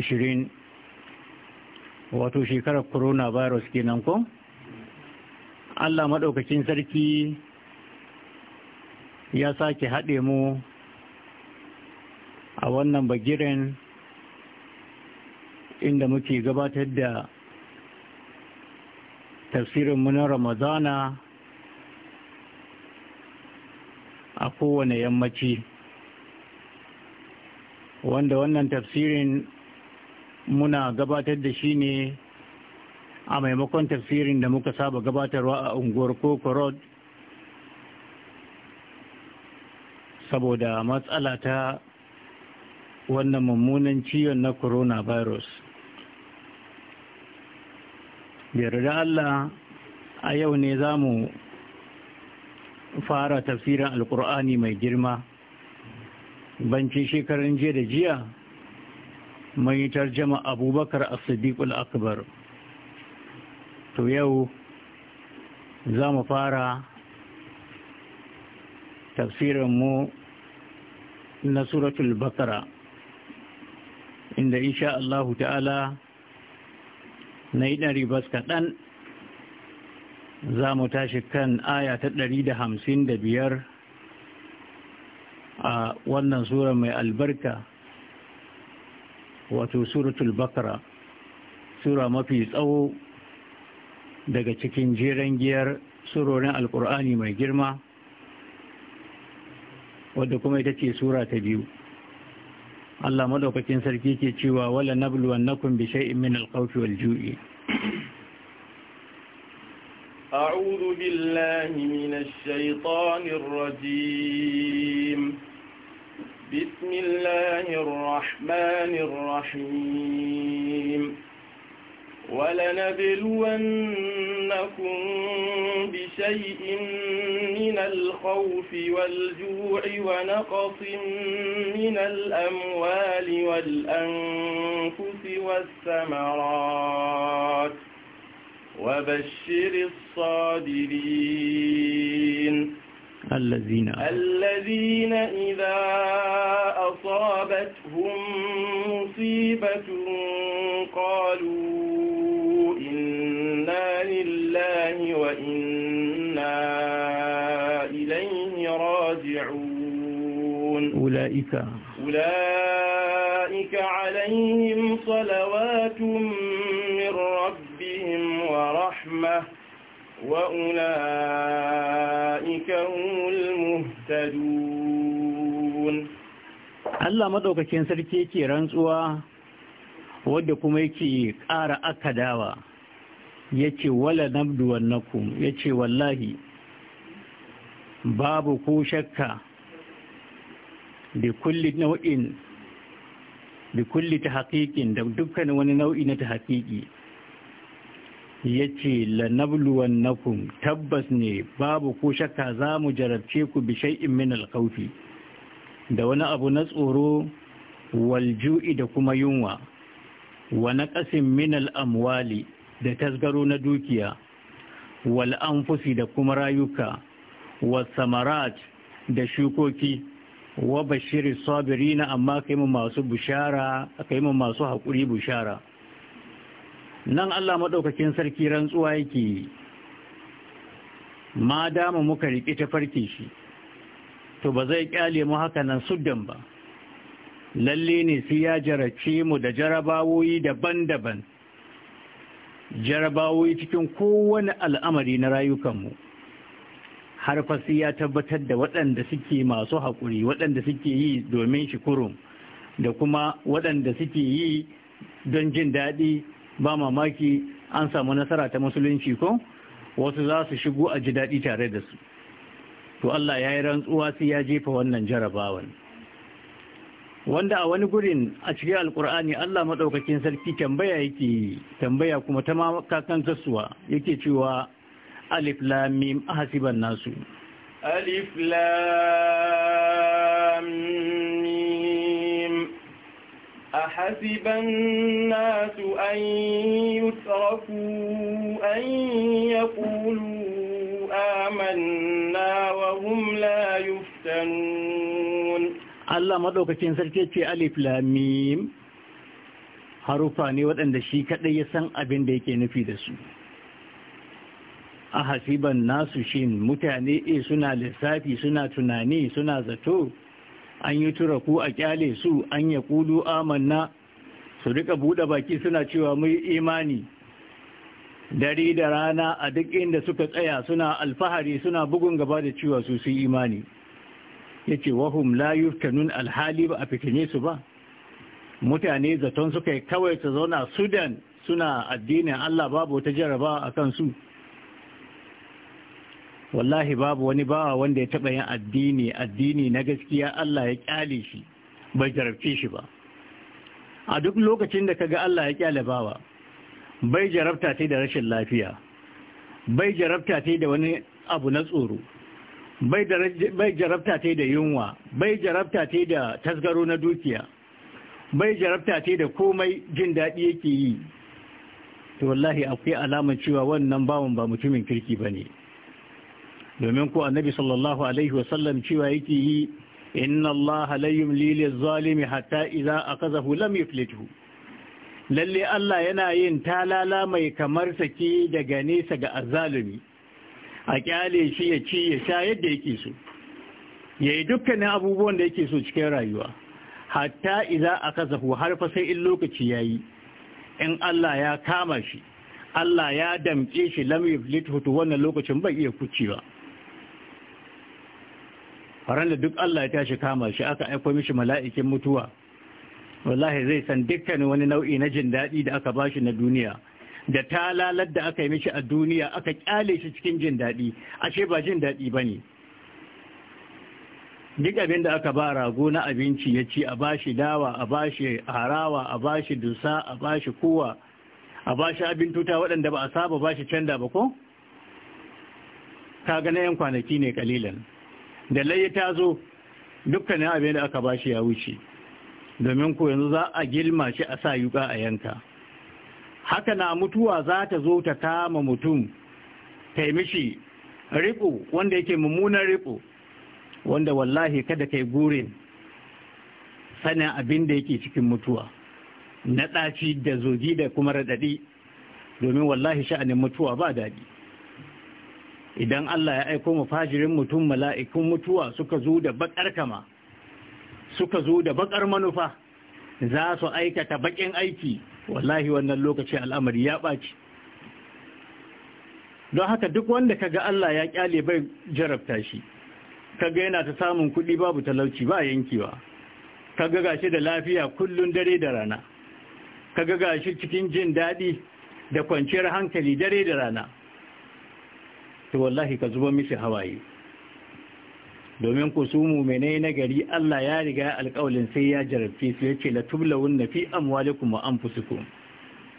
20 wato shekarar Corona coronavirus kenan ko Allah maɗaukacin sarki ya sake haɗe mu a wannan bagiren inda muke gabatar da tafsirinmu na ramazana a kowane yammaci wanda wannan tafsirin muna gabatar da shi ne a maimakon tafsirin da muka saba gabatarwa a unguwar koko road saboda matsala ta wannan mummunan ciwon na coronavirus yarda Allah a yau ne za mu fara tafsirin alkur'ani mai girma banci shekarun jiya da jiya mai tarjama abubakar a siddiqul akbar to yau za mu fara tafsirinmu na suratul bakara inda insha Allahu ta'ala na yi ɗari bas kaɗan za mu tashi kan aya ta ɗari da hamsin da biyar a wannan sura mai albarka wato suratul bakara sura mafi tsawo daga cikin jeren giyar surorin alkur'ani mai girma wadda kuma ita ce sura ta biyu Allah madaukakin sarki ke cewa wala nabluwannakum bi shay'in min alqawfi wal-ju'i a'udhu billahi minash الشيطان الرجيم بسم الله الرحمن الرحيم ولنبلونكم بشيء من الخوف والجوع ونقص من الأموال والأنفس والثمرات وبشر الصادرين الذين الذين إذا أصابتهم مصيبة قالوا إنا لله وإنا إليه راجعون أولئك أولئك عليهم صلوات من ربهم ورحمة وأولئك هم المهتدون الله مدوكاكين سركي yake rantsuwa wadda kuma yake ƙara akadawa yace wala nabdu wannakum yace wallahi babu ko shakka da kulli nau'in da kulli ta haƙiƙin da dukkan wani nau'i na ta haƙiƙi ya ce lanabluwan nakum tabbas ne babu ko shakka za mu jarabce ku bishai min alkaufi da wani abu na tsoro walju'i da kuma yunwa wa naqasin min al'amwali da tasgaro na dukiya wal anfusi da kuma rayuka wa samarat da shukoki wa bashiri sabirina amma kai mu masu bushara kai mu masu haƙuri bushara nan Allah maɗaukakin sarki rantsuwa yake yi ma dama muka riƙe ta farke shi to ba zai ƙyale mu haka nan suddan ba lalle ne sai ya jarace mu da jarabawoyi daban-daban jarabawoyi cikin kowane al'amari na rayukanmu har fasi ya tabbatar da waɗanda suke masu haƙuri waɗanda suke yi domin shi kurum da kuma waɗanda suke yi don jin daɗi ba mamaki an samu nasara ta musulunci ko wasu za su shigo a ji daɗi tare da su to Allah ya yi rantsuwa sai ya jefa wannan jarabawan wanda a wani gurin a cikin alkur'ani Allah maɗaukakin sarki tambaya yake tambaya kuma ta kakan kasuwa yake cewa alif lam mim ahasiban nasu alif lam أحسب الناس أن يتركوا أن يقولوا آمنا وهم لا يفتنون الله مدوكتين سركتي ألف لاميم harufa ne waɗanda shi kaɗai ya san abin da yake nufi da su a hasiban nasu shin mutane e suna lissafi suna tunani suna zato an yi turaku a kyale su an ya kudu amanna su rika buɗe baki suna cewa mu imani dare da rana a duk inda suka tsaya suna alfahari suna bugun gaba da cewa su su imani Ya ce, wahum la yuftanun alhali ba a fitine su ba mutane zaton suka kawai su zauna sudan suna addinin Allah babu ta jaraba a kansu wallahi babu wani bawa wanda ya taɓa yin addini addini na gaskiya Allah ya kyale shi bai jarabce shi ba a duk lokacin da kaga Allah ya kyale bawa bai jarabta sai da rashin lafiya bai jarabta sai da wani abu na tsoro bai jarabta sai da yunwa bai jarabta sai da tasgaro na dukiya bai jarabta sai da komai jin daɗi yake yi to wallahi akwai alamar cewa wannan bawan ba mutumin kirki ba ne domin ku annabi sallallahu alaihi wa sallam cewa yake yi inna allaha la yumli zalimi hatta idza akazahu lam yuflithu lalle Allah yana yin talala mai kamar saki daga nesa ga azalumi a kyale shi ya ci ya sha yadda yake so yayi yi dukkanin abubuwan da yake so cikin rayuwa hatta iza aka har fa sai in lokaci yayi in Allah ya kama shi Allah ya damƙe shi lam yuflithu to wannan lokacin bai iya kucewa faran da duk Allah ya tashi kama shi aka aiko mishi mala'ikin mutuwa wallahi zai san dukkan wani nau'i na jin daɗi da aka bashi na duniya da talalar da aka yi mishi a duniya aka kyale shi cikin jin daɗi ashe ba jin daɗi ba ne duk abin da aka ba rago na abinci ya ci a bashi dawa a bashi harawa a bashi dusa a bashi kowa a bashi abin tuta waɗanda ba a saba bashi canda ba ko? ka ga na 'yan kwanaki ne kalilan da laye ta zo dukkanin abin da aka bashi ya wuce domin ku yanzu za a gilma shi a sa yuka a yanka haka na mutuwa za ta zo ta kama mutum ta mishi riko wanda yake mummunan riko wanda wallahi kada kai gurin sanin abin da yake cikin mutuwa na ɗaci da zoji da kuma raɗaɗi domin wallahi sha'anin mutuwa ba daɗi idan Allah ya aiko mu fajirin mutum mala'ikun mutuwa suka zo da bakar kama suka zo da bakar manufa za su aikata bakin aiki wallahi wannan lokaci al'amari ya ɓaci don haka duk wanda ka ga Allah ya kyale bai jarabta shi kaga yana ta samun kuɗi babu talauci ba yankewa kaga gashi da lafiya kullum dare da rana kaga gashi cikin jin daɗi da kwanciyar hankali dare da rana to wallahi ka zuba mishi hawaye domin ku su mumene na gari Allah ya riga alƙawalin sai ya jarabci su yace la tublawun na fi amwalikum wa anfusikum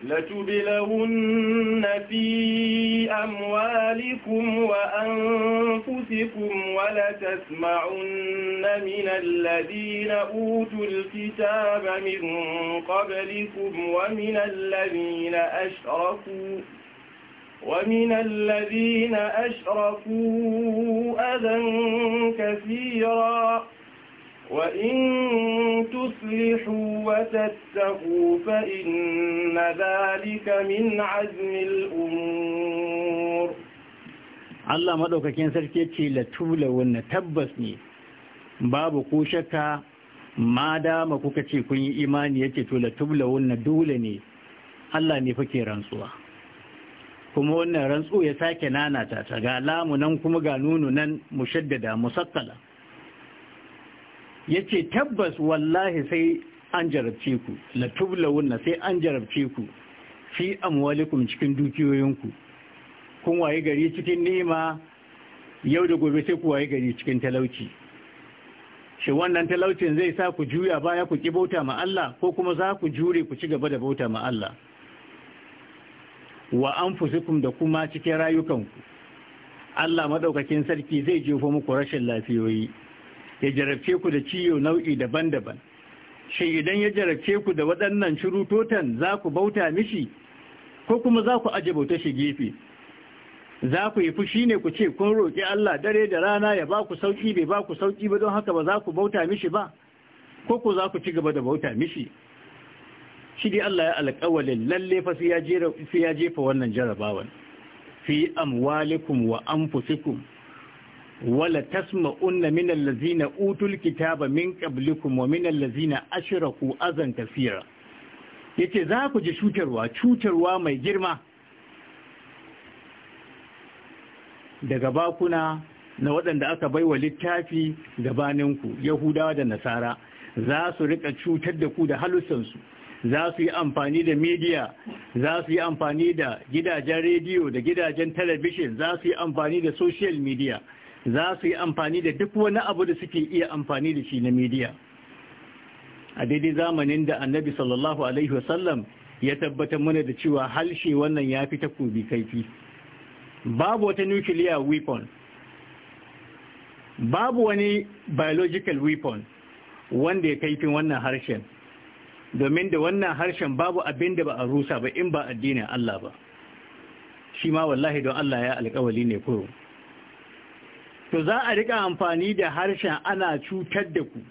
la tublawun na fi amwalikum wa anfusikum wa la tasma'un min alladhina utul kitaba min qablikum wa min alladhina ashraku ومن الذين أشرفوا أذى كثيرا وإن تصلحوا وتتقوا فإن ذلك من عزم الأمور Allah maɗaukakin sarki ce latula wanne tabbas ne babu ko shakka ma dama kuka ce kun yi imani yake to latula wanne dole ne Allah ne fake rantsuwa kuma wannan rantsu ya sake nanata ta ga lamu nan kuma ga nunu nan mushaddada musakkala yace tabbas wallahi sai an jarabce ku la tublawunna sai an jarabce ku fi amwalikum cikin dukiyoyinku kun waye gari cikin nima yau da gobe sai ku waye gari cikin talauci shi wannan talaucin zai sa ku juya baya ku ki bauta ma Allah ko kuma za ku jure ku ci gaba da bauta ma Allah wa anfusikum da kuma cikin rayukanku Allah maɗaukakin sarki zai jefo muku rashin lafiyoyi ya jarabce ku da ciyo nau'i daban-daban shin idan ya jarabce ku da waɗannan shurutotan za ku bauta mishi ko kuma za ku aje bauta shi gefe za ku yi fushi ne ku ce kun roƙi Allah dare da rana ya ba ku sauƙi bai ba ku sauƙi ba don haka ba za ku bauta mishi ba ko ku za ku ci gaba da bauta mishi shi dai Allah ya alƙawalin lalle fa sai ya jefa wannan jarabawan fi amwalikum wa anfusikum wala tasma'unna min allazina utul kitaba min qablikum wa min allazina ashraku azan kaseera yace za ku ji cutarwa cutarwa mai girma daga bakuna na waɗanda aka baiwa littafi gabaninku yahudawa da nasara za su rika cutar da ku da halussansu za su yi amfani da media za su yi amfani da gidajen rediyo da gidajen talabishin za su yi amfani da social media za su yi amfani da duk wani abu da suke iya amfani da shi na media a daidai zamanin da annabi sallallahu alaihi wasallam ya tabbatar mana da cewa halshe wannan ya fi takobi kaifi babu wata nuclear weapon babu wani biological weapon wanda ya kaifin wannan harshen domin da wannan harshen babu abin da ba a rusa ba in ba addinin Allah ba shi ma wallahi don Allah ya alƙawali ne kuro to za a rika amfani da harshen ana cutar da ku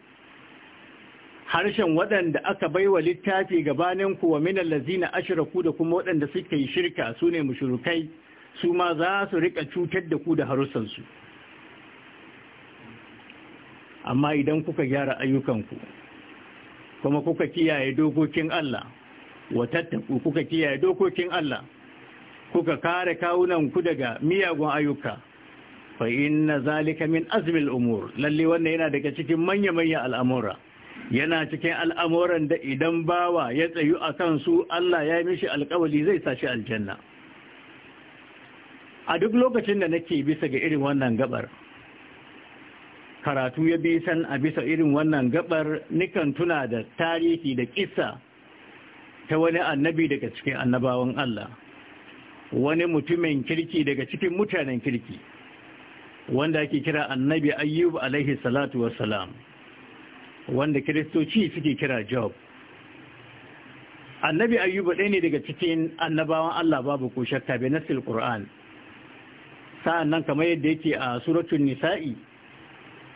harshen waɗanda aka baiwa littafi gabanin kuwa minan lazina ku da kuma waɗanda suka yi shirka su ne mashirukai su ma za su rika cutar da ku da su amma idan kuka gyara ayyukanku kuma kuka kiyaye dokokin Allah wa kuka kiyaye dokokin Allah kuka kare kawunan ku daga miyagun ayyuka fa inna zalika min azmil umur lalle wannan yana daga cikin manya manya al'amura yana cikin al'amuran da idan bawa ya tsayu a kansu Allah ya mishi alƙawali zai shi aljanna a duk lokacin da nake bisa ga irin wannan gabar karatu ya bi san a bisa irin wannan gabar nikan tuna da tarihi da kisa ta wani annabi daga cikin annabawan Allah wani mutumin kirki daga cikin mutanen kirki wanda ake kira annabi ayyub alaihi salatu wassalam wanda kiristoci suke kira job annabi ayyub ɗaya ne daga cikin annabawan Allah babu ko shakka bai nasil Qur'an sa'annan kamar yadda yake a suratul nisa'i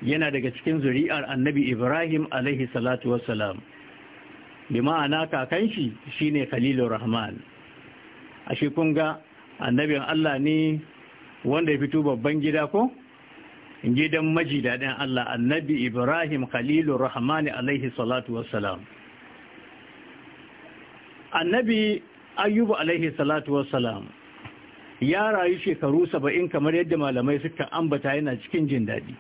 yana daga cikin zuri'ar annabi ibrahim alaihi salatu wasalam bi ma'ana kakan shi shine khalilur rahman A shi kun ga annabin allah ne wanda ya fito babban gida ko gidan maji daɗin allah annabi ibrahim khalilur rahman alaihi salatu wasalam annabi ayyubu alaihi salatu wasalam ya rayu shekaru saba'in kamar yadda malamai suka ambata yana cikin jin daɗi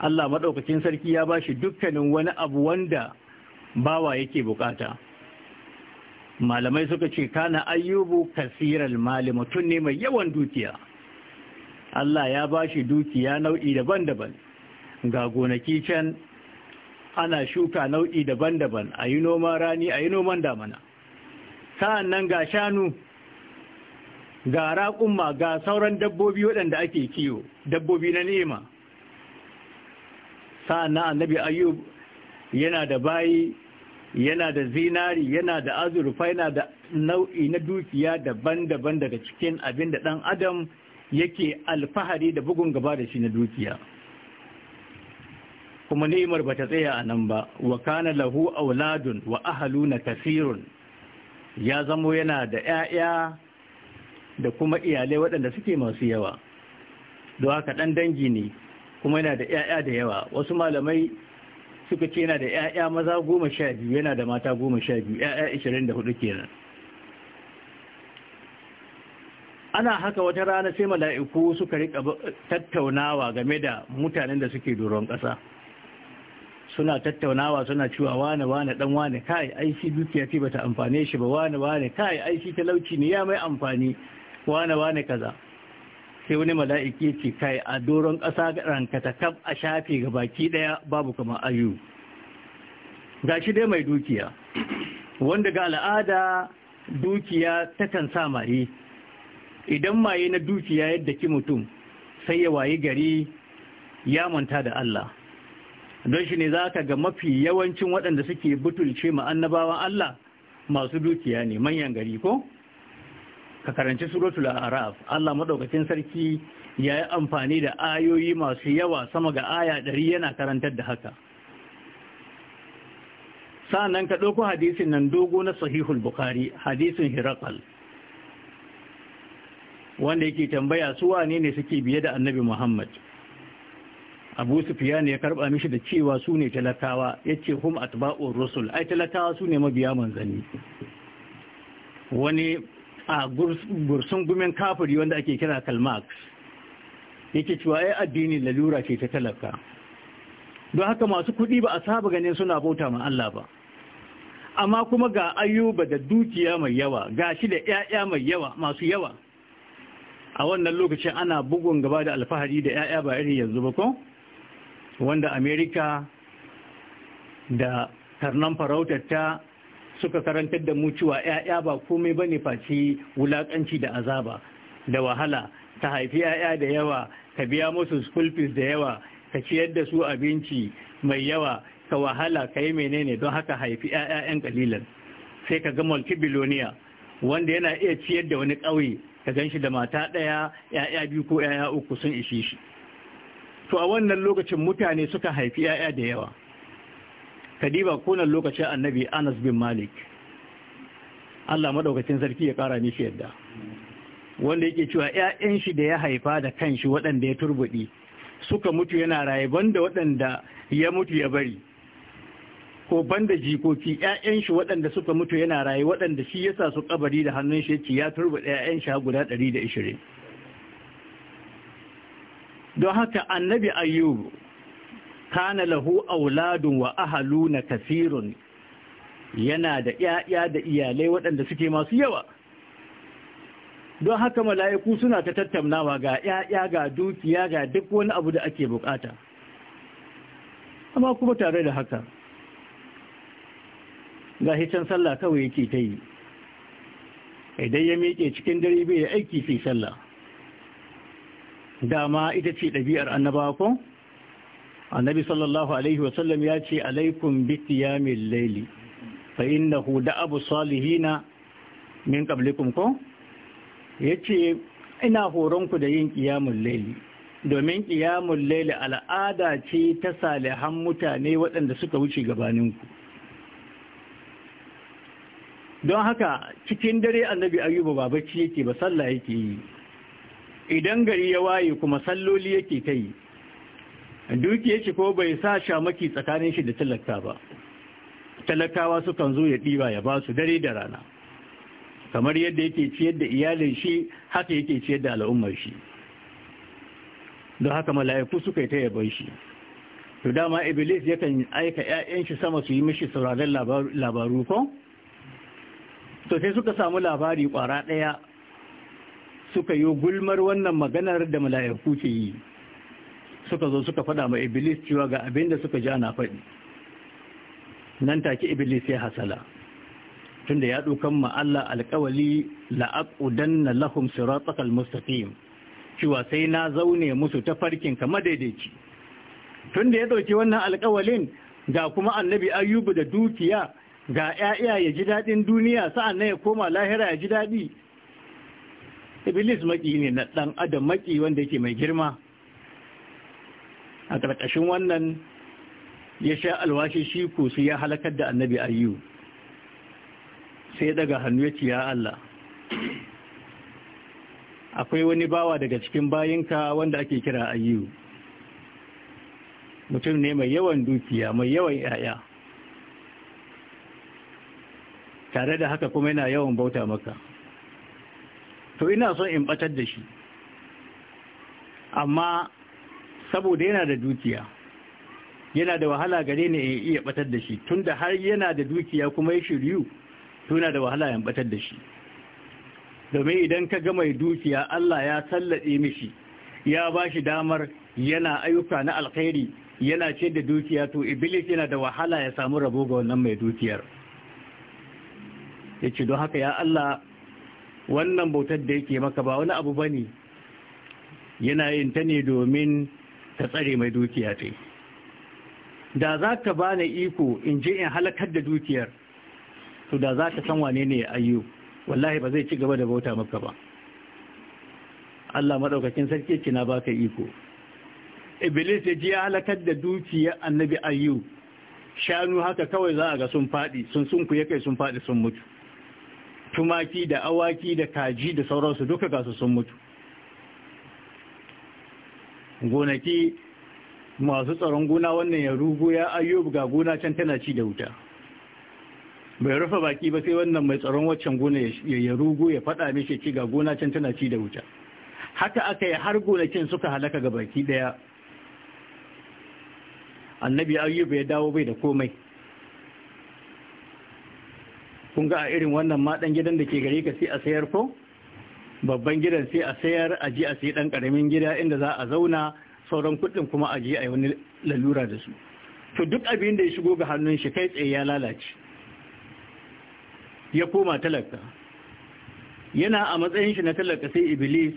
Allah maɗaukacin sarki ya ba shi dukkanin wani abu wanda bawa yake bukata malamai suka ce kana ayyubu kasiral mali mutum ne mai yawan dukiya Allah ya ba shi dukiya nau'i daban-daban ga gonaki can ana shuka nau'i daban-daban a yi noman rani a yi noman damana sa'an nan ga shanu ga raƙumma ga sauran dabbobi waɗanda ake kiwo dabbobi na nema sa'an na annabi ayyub yana da bayi yana da zinari yana da azurfa yana da nau'i na dukiya daban-daban daga cikin abin da ɗan adam yake alfahari da bugun gaba da shi na dukiya kuma ni'imar ba ta tsaya a nan ba wa kana lahu auladun wa ahalu na kasirun ya zamo yana da 'ya'ya da kuma iyalai waɗanda suke masu yawa don haka ɗan dangi ne kuma yana da 'ya'ya da yawa wasu malamai suka ce yana da 'ya'ya maza goma sha biyu yana da mata goma sha biyu 'ya'ya ishirin da hudu kenan ana haka wata rana sai mala'iku suka rika tattaunawa game da mutanen da suke doron ƙasa suna tattaunawa suna cewa wane wane dan wane kai ai shi dukiya ce bata amfane shi ba wane wane kai ai shi talauci ne ya mai amfani wane wane kaza sai wani mala'iki ce kai a doron ƙasa rankata kaf a shafi ga baki ɗaya babu kamar ayu ga shi dai mai dukiya wanda ga al'ada dukiya takan sa maye idan maye na dukiya yadda ki mutum sai ya wayi gari ya manta da Allah don shi ne za ka ga mafi yawancin waɗanda suke butulce ma Allah masu dukiya ne manyan gari ko? ka karanci suratul araf Allah madaukakin sarki ya yi amfani da ayoyi masu yawa sama ga aya ɗari yana karantar da haka sa'annan ka ɗauko hadisin nan dogo na sahihul bukhari hadisin hirakal wanda yake tambaya su wane ne suke biye da annabi muhammad abu sufiyan ya karba mishi da cewa su ne talakawa ya ce hum atba'ur rasul ai talakawa su ne mabiya manzanni wani a gursun gumin kafiri wanda ake kira kalmax yake cewa ai addini lalura ce ta talaka don haka masu kuɗi ba a saba ganin suna bauta ma Allah ba amma kuma ga ayyuba da dukiya mai yawa ga shi da 'ya'ya mai yawa masu yawa a wannan lokacin ana bugun gaba da alfahari da 'ya'ya ba irin yanzu ba ko wanda amerika da karnan farautar ta suka karantar da mu cewa ‘ya'ya ba komai ba ne face wulaƙanci da azaba da wahala ta haifi ‘ya'ya da yawa ka biya musu school fees da yawa ka ciyar da su abinci mai yawa ka wahala ka yi menene don haka haifi ‘ya'ya ‘yan kalilan sai ka ga multibiloniya wanda yana iya ciyar da wani ƙauye ka gan shi da mata ɗaya ‘ya'ya biyu ko ‘ya'ya uku sun ishe shi to a wannan lokacin mutane suka haifi ‘ya'ya da yawa kadiba kunan lokacin annabi anas bin malik allah maɗaukacin sarki ya ƙara nishi yadda wanda yake cewa 'ya'yan shi da ya haifa da kanshi waɗanda ya turbuɗi suka mutu yana raye banda waɗanda ya mutu ya bari ko banda jikoki 'ya'yan shi waɗanda suka mutu yana raye waɗanda shi ya sa su ƙabari da hannun shi ci ya turbuɗe 'ya'yan shi guda ɗari da ishirin. don haka annabi ayyubu kana lahu auladun wa ahaluna kasirun yana da ‘ya'ya da iyalai waɗanda suke masu yawa don haka mala'iku suna ta tattaunawa ga ‘ya'ya ga dukiya ga duk wani abu da ake buƙata. amma kuma tare da haka ga hitan sallah kawai yake ta yi idan ya miƙe cikin dare bai aiki fi sallah dama ita ce ɗabi'ar annabawa annabi sallallahu alaihi wasallam ya ce alaikum bi qiyamil layli fa innahu da'abu salihina min qablikum ko yace ina horon ku da yin qiyamul layli domin qiyamul layli al'ada ce ta salihan mutane waɗanda suka wuce gabaninku don haka cikin dare annabi ayyuba ba bacci yake ba sallah yake yi idan gari ya waye kuma salloli yake ta yi ya ce ko bai sa shamaki tsakanin shi da talaka ba talakawa sukan zo ya ɗiba ya ba su dare da rana kamar yadda yake ciyar da iyalin shi haka yake ciyar da al'ummar shi don haka mala'iku suka yi ta yabon shi to dama iblis yakan aika 'ya'yan shi sama su yi mishi sauraron labaru ko to sai suka samu labari kwara ɗaya suka yi gulmar wannan maganar da mala'iku ke yi suka zo suka fada ma iblis cewa ga abin da suka ji ana faɗi nan take iblis ya hasala tunda ya dukan ma Allah alƙawali la'aqudanna lahum siratal mustaqim cewa sai na zaune musu ta farkin ka madaidaici tunda ya dauki wannan alƙawalin ga kuma annabi ayyubu da dukiya ga 'ya'ya ya ji dadin duniya sa'an nan ya koma lahira ya ji dadi iblis maki ne na dan adam maki wanda yake mai girma a ƙarƙashin wannan ya sha alwashi shi sai ya halakar da annabi ayyu sai daga hannu ya ci ya Allah akwai wani bawa daga cikin bayinka wanda ake kira ayyu mutum ne mai yawan dukiya mai yawan yaya tare da haka kuma yana yawan bauta maka to ina son in batar da shi amma saboda yana da dukiya yana da wahala gare ne ya iya batar da shi tunda har yana da dukiya kuma ya shiryu to yana da wahala ya batar da shi domin idan ka ga mai dukiya Allah ya sallade mishi ya ba shi damar yana ayyuka na alkhairi yana ce da dukiya to iblis yana da wahala ya samu rabo ga wannan mai dukiyar ya ce don haka ya Allah wannan bautar da yake maka ba wani abu bane yana yin ta ne domin ta tsare mai dukiya ta da za ka ba na iko in je in halakar da dukiyar to da za ka san wane ne ayyu wallahi ba zai ci gaba da bauta maka ba Allah maɗaukakin sarki ce na baka iko iblis ya ji ya halakar da dukiyar annabi ayyu shanu haka kawai za a ga sun faɗi sun sunku ya kai sun faɗi sun mutu tumaki da awaki da kaji da sauransu duka gasu sun mutu gonaki masu tsaron gona wannan ya rugu ya ayyub ga gona can tana ci da wuta bai rufe baki ba sai wannan mai tsaron waccan gona ya rugu ya faɗa mishi ci ga gona can tana ci da wuta haka aka yi har gonakin suka halaka ga baki ɗaya annabi ayyub ya dawo bai da komai kun ga irin wannan maɗan gidan da ke gare ka sai a sayar ko babban gidan sai a sayar a ji a sai dan karamin gida inda za a zauna sauran kuɗin kuma a ji a yi wani lalura da su to duk abin da ya shigo ga hannun shi kai tsaye ya lalace ya koma talaka yana a matsayin shi na talaka sai iblis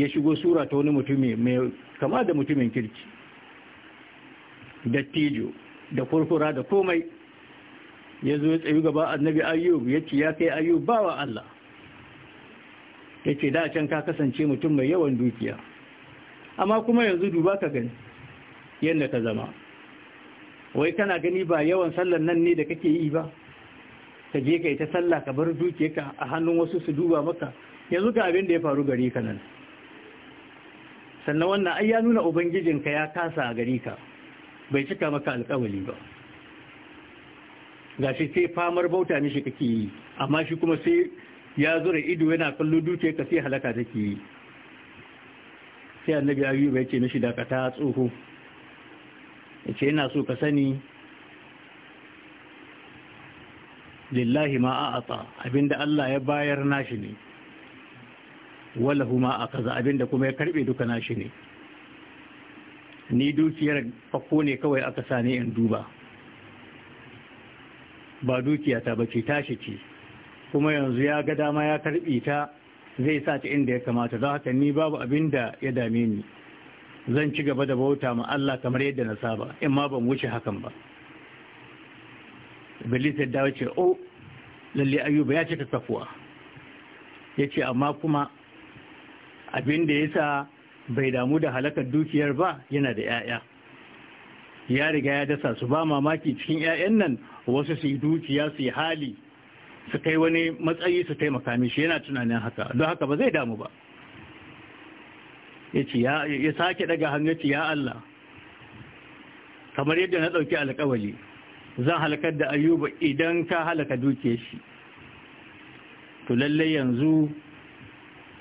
ya shigo sura ta wani mutumi mai kama da mutumin kirki da tijo da kurkura da komai ya zo ya tsayu gaba annabi ayyub ya ce ya kai ayyub bawa Allah ya ce da can ka kasance mutum mai yawan dukiya amma kuma yanzu duba ka gani yadda ka zama wai kana gani ba yawan sallar nan ne da kake yi ba ka je ka yi ta sallah ka bar dukiyarka a hannun wasu su duba maka yanzu ga abin da ya faru gari ka nan sannan wannan ai ya nuna ubangijinka ya kasa a gari ka bai cika maka alkawali ba Ga shi sai famar bauta shi kake yi amma shi kuma sai ya zura ido yana kallo dutse ka sai halaka take yi sai annabi ayyuba ya ce mishi dakata tsoho ya ce yana so ka sani lillahi ma a abinda Allah ya bayar nashi ne wallahu ma a kaza abinda kuma ya karbe duka nashi ne ni dukiyar fakko ne kawai aka sani in duba ba dukiya ta bace tashi ce kuma yanzu ya ga dama ya karɓi ta zai sa ta inda ya kamata don haka ni babu abin da ya dame ni zan ci gaba da bauta ma Allah kamar yadda na saba in ma ban wuce hakan ba Iblis ya dawo ce o oh, lalle Ayuba ya cika kafuwa ya ce amma kuma abin da ya sa bai damu da halakar dukiyar ba yana da 'ya'ya ya riga ya dasa su ba mamaki cikin 'ya'yan nan wasu su yi dukiya su yi hali su kai wani matsayi su taimaka mishi yana tunanin haka don haka ba zai damu ba ya sake daga hannu ya Allah kamar yadda na ɗauki alkawali zan halakar da ayyuba idan ka halaka dukiyar shi to lallai yanzu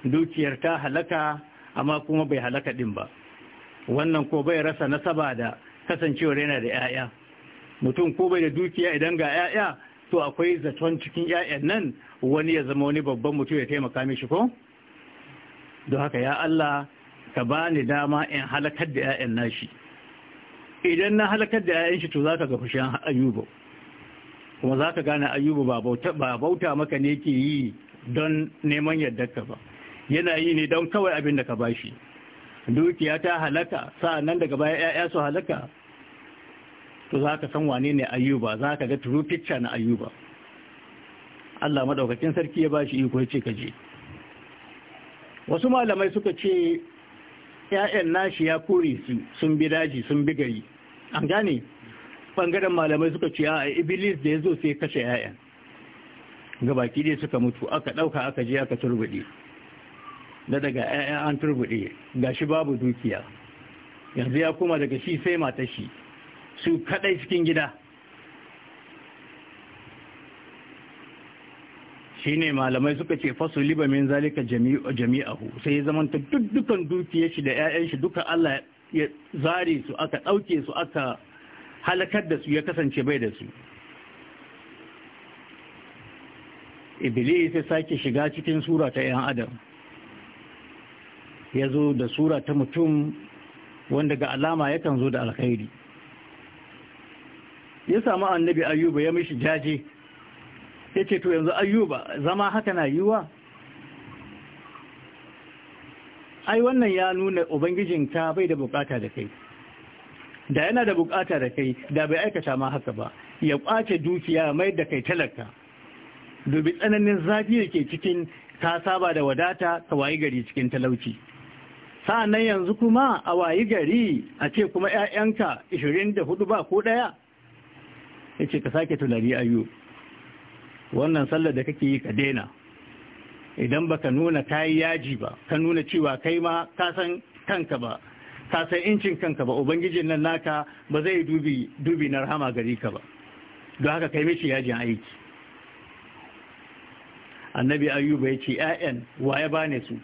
dukiyar ta halaka amma kuma bai halaka din ba wannan ko bai rasa nasaba da kasancewar yana da 'ya'ya mutum ko bai da dukiya idan ga 'ya'ya to akwai zaton cikin 'ya'yan nan wani ya zama wani babban mutum ya taimaka mishi ko don haka ya Allah ka bani dama in halakar da 'ya'yan nashi idan na halakar da 'ya'yan shi to ka ga fushin ayyuba kuma za ka gane ayyuba ba bauta maka ne ke yi don neman yardarka ba yana yi ne don kawai abin da ka bashi dukiya ta halaka nan daga baya 'ya'ya su halaka to za ka san wane ne ayyuba za ka ga turu picture na ayyuba Allah maɗaukakin sarki ya ba shi iko ya ce ka je wasu malamai suka ce ‘ya'yan nashi ya kore su sun bi daji sun bi gari an gane ɓangaren malamai suka ce a iblis da ya zo sai kashe ‘ya'yan gabaki dai suka mutu aka ɗauka aka je aka turbuɗe da daga ‘ya'yan an turbuɗe ga shi babu dukiya yanzu ya kuma daga shi sai mata shi su kadai cikin gida Shi ne malamai suka ce fasu liba min zalika jami'ahu sai ya zamanta duk dukan dukiyar shi da 'ya'yan shi duka Allah ya zare su aka ɗauke su aka halakar da su ya kasance bai da su iblis ya sake shiga cikin sura ta 'yan adam ya zo da sura ta mutum wanda ga alama yakan zo da alkhairi ya samu annabi ayuba ya mishi jaje ya ce to yanzu ayuba zama haka na yiwa ai wannan ya nuna Ubangijin ta bai da bukata da kai da yana da bukata da kai da bai aikata ma haka ba ya kwace dukiya mai da kai talaka dubi tsananin zafi da ke cikin ta saba da wadata ka wayi gari cikin talauci sa'annan yanzu kuma a wayi gari a ce kuma 'ya'yanka 24 ba ko ɗaya Yace ka sake tunani ayyu wannan sallar da kake yi ka daina idan baka nuna kayi yaji ba ka nuna cewa kai ma ka san kanka ba ka san incin kanka ba ubangijin nan naka ba zai dubi dubi na rahama gari ka ba don haka kai mishi yajin aiki annabi ayyuba ya ce ‘ya'yan wa ya bane su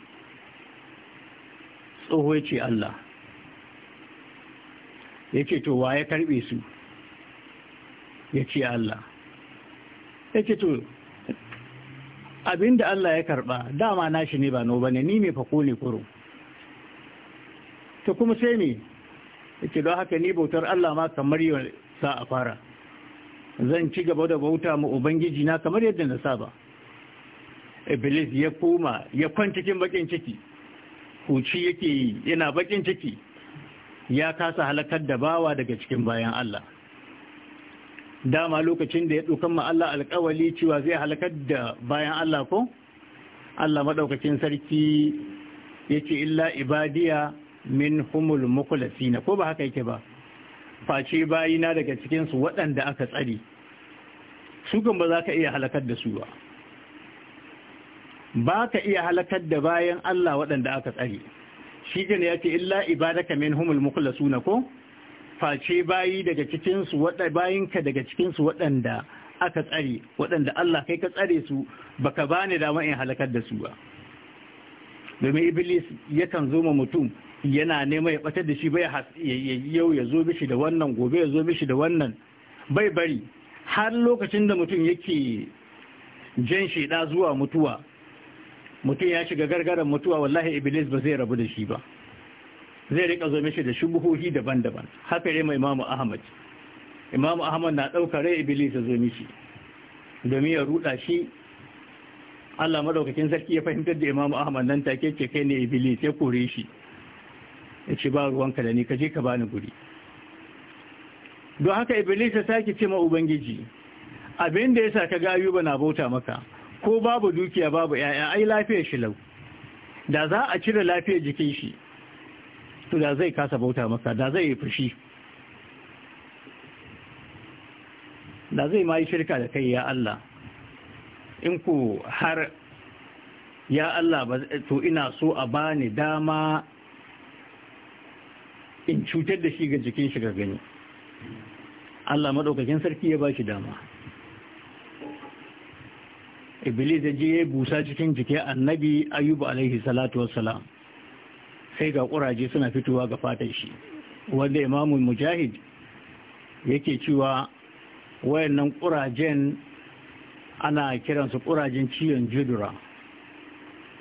tsoho ce Allah ya ce to wa ya karbe su ya ce Allah ya ce to abinda Allah ya karba dama nashi ne ba no bane ni mai fako ne kuro to kuma sai ne ce don haka ni bautar Allah ma kamar yau sa a fara zan ci gaba da bauta ma ubangiji na kamar yadda na sa ba. iblis ya koma ya kwanta cikin bakin ciki kuci yake yana bakin ciki ya kasa halakar da bawa daga cikin bayan Allah dama lokacin da ya ɗaukan ma Allah alƙawali cewa zai halakar da bayan Allah ko? Allah maɗaukacin sarki ya ce illa ibadiya min humul na ko ba haka yake ba face na daga cikinsu waɗanda aka tsari su kan ba za ka iya halakar da su ba ba ka iya halakar da bayan Allah waɗanda aka tsari shi gane ya ce illa ibadaka min humul na ko? face bayi daga cikinsu bayinka daga cikinsu waɗanda aka tsare waɗanda Allah kai ka tsare su baka bani dama in halakar da su ba domin iblis yakan zo ma mutum yana nema ya batar da shi bai yau ya zo bishi da wannan gobe ya zo bishi da wannan bai bari har lokacin da mutum yake jan sheda zuwa mutuwa mutum ya shiga gargaran mutuwa wallahi iblis ba zai rabu da shi ba zai rika zo mishi da shubuhohi daban-daban haka rai mai imamu ahmad imamu ahmad na ɗaukar rai iblis ya zo mishi domin ya ruɗa shi allah maɗaukakin sarki ya fahimtar da imamu ahmad nan take ce kai ne iblis ya kore shi ya ce ba ruwanka da ni ka je ka bani guri don haka iblis ya sake ce ma ubangiji abin da ya sa ka ga ayuba na bauta maka ko babu dukiya babu 'ya'ya ai lafiyar shi lau da za a cire lafiyar jikin shi su da zai kasa bauta masa da zai fushi da zai ma yi shirka da kai ya Allah in ku har ya Allah to ina so a bani dama in cutar da shi ga jikin shi gani Allah maɗaukakin sarki ya ba shi dama iblis ya je busa cikin jike annabi ayyubu alaihi salatu wassalam sai ga ƙuraje suna fitowa ga fatan shi wanda imamu mujahid yake cewa wayannan ƙurajen ana kiransu ƙurajen ciyon judura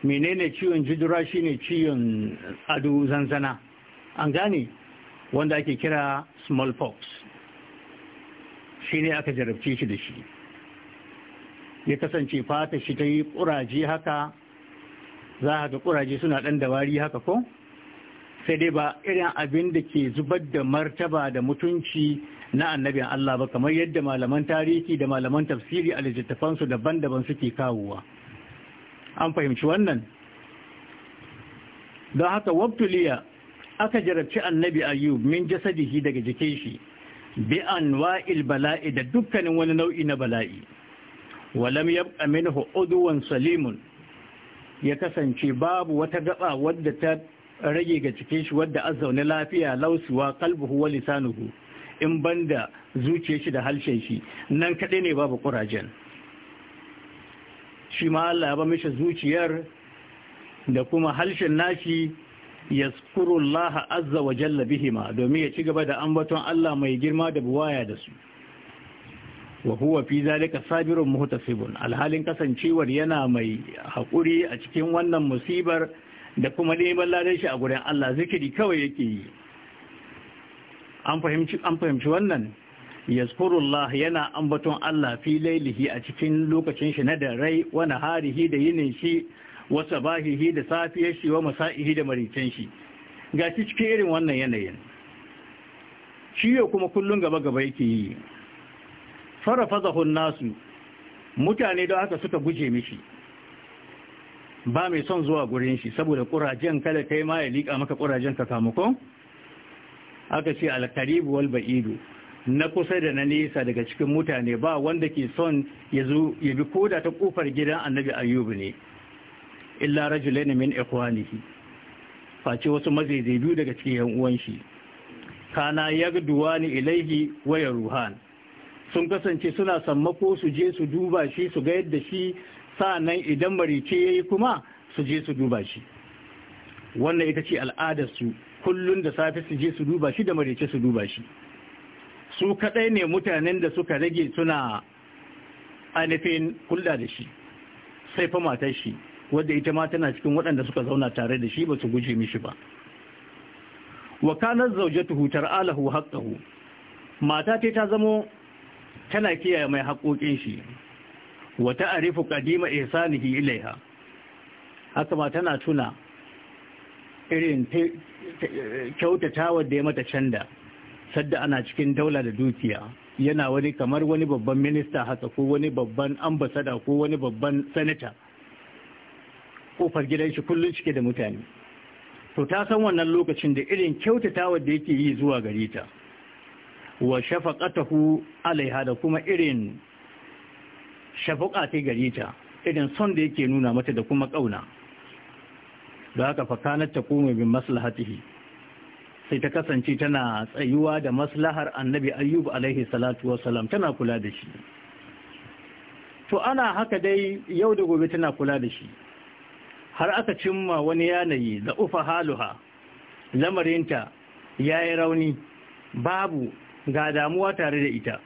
menene ciwon judura shine ciwon adu zanzana an gane wanda ake kira smallpox shine aka jarabce shi da shi ya kasance fata shi ta yi ƙuraje haka za a ga ƙuraje suna ɗan dawari haka ko sai dai ba irin abin da ke zubar da martaba da mutunci na annabin Allah ba kamar yadda malaman tarihi da malaman tafsiri a littattafansu daban-daban suke kawowa an fahimci wannan don haka wabtuliya aka jarabci annabi ayyub min jasadihi daga jikin shi bi wail bala'i da dukkanin wani nau'i na bala'i walam yabqa minhu salimun ya kasance babu wata gaba wadda ta rage ga cikin shi wadda zaune lafiya lausuwa kalbuhu wa lisanuhu in banda zuciya shi da halshen shi nan kaɗai ne babu ƙurajen. shi ma Allah ba mishi zuciyar da kuma halshen nashi Allah azza wa jalla bihima domin ya ci gaba da ambaton Allah mai girma da buwaya da su wa huwa fi zalika sabirun muhtasibun alhalin kasancewar yana mai haƙuri a cikin wannan musibar da kuma neman ladan shi a gurin Allah zikiri kawai yake yi an fahimci an fahimci wannan yazkurullah yana ambaton Allah fi lailihi a cikin lokacin shi na da rai, wani harihi da yinin shi wasa bahihi da safiyar shi wa masa'ihi da maricin shi Ga shi cikin irin wannan yanayin shi yau kuma kullum gaba gaba yake yi Fara fazahun nasu mutane don haka suka guje mishi ba mai son zuwa gurin shi saboda kurajen kada kai ma ya liƙa maka kurajen ka kamakon aka ce alkaribu wal ba'idu na kusa da na nesa daga cikin mutane ba wanda ke son ya zo ya bi koda ta kofar gidan annabi ayyubu ne illa rajulaini min ikhwanihi face wasu mazaizai biyu daga cikin yan uwan shi kana ni ilaihi wa ruhan sun kasance suna sammako su je su duba shi su ga yadda shi nan idan marice ya yi kuma su je su duba shi wannan ita ce al'adarsu kullum da safe su je su duba shi da marice su duba shi su kaɗai ne mutanen da suka rage suna ainihin hulɗa da shi sai fa matar shi wadda ita ma tana cikin waɗanda suka zauna tare da shi ba su guje mishi ba wa kanar zauje zaujatuhu tar'alahu haƙƙahu mata ta zamo tana kiyaye mai haƙoƙin shi wa arifu kadima ihsanihi ilaiha haka ma tana tuna irin kyautatawa da ya mata canda sadda ana cikin daula da dukiya yana wani kamar wani babban minista haka ko wani babban ambasada ko wani babban sanata kofar gidan shi kullum cike da mutane to ta san wannan lokacin da irin kyautatawa da yake yi zuwa gari ta wa shafaqatahu alaiha da kuma irin shafuka ta gare ta irin son da yake nuna mata da kuma kauna da haka fakanar ta kuma bin maslahatihi sai ta kasance tana tsayuwa da maslahar annabi ayyub alaihi salatu wasalam tana kula da shi to ana haka dai yau da gobe tana kula da shi har aka cimma wani yanayi da ufa haluha lamarinta ya yi rauni babu ga damuwa tare da ita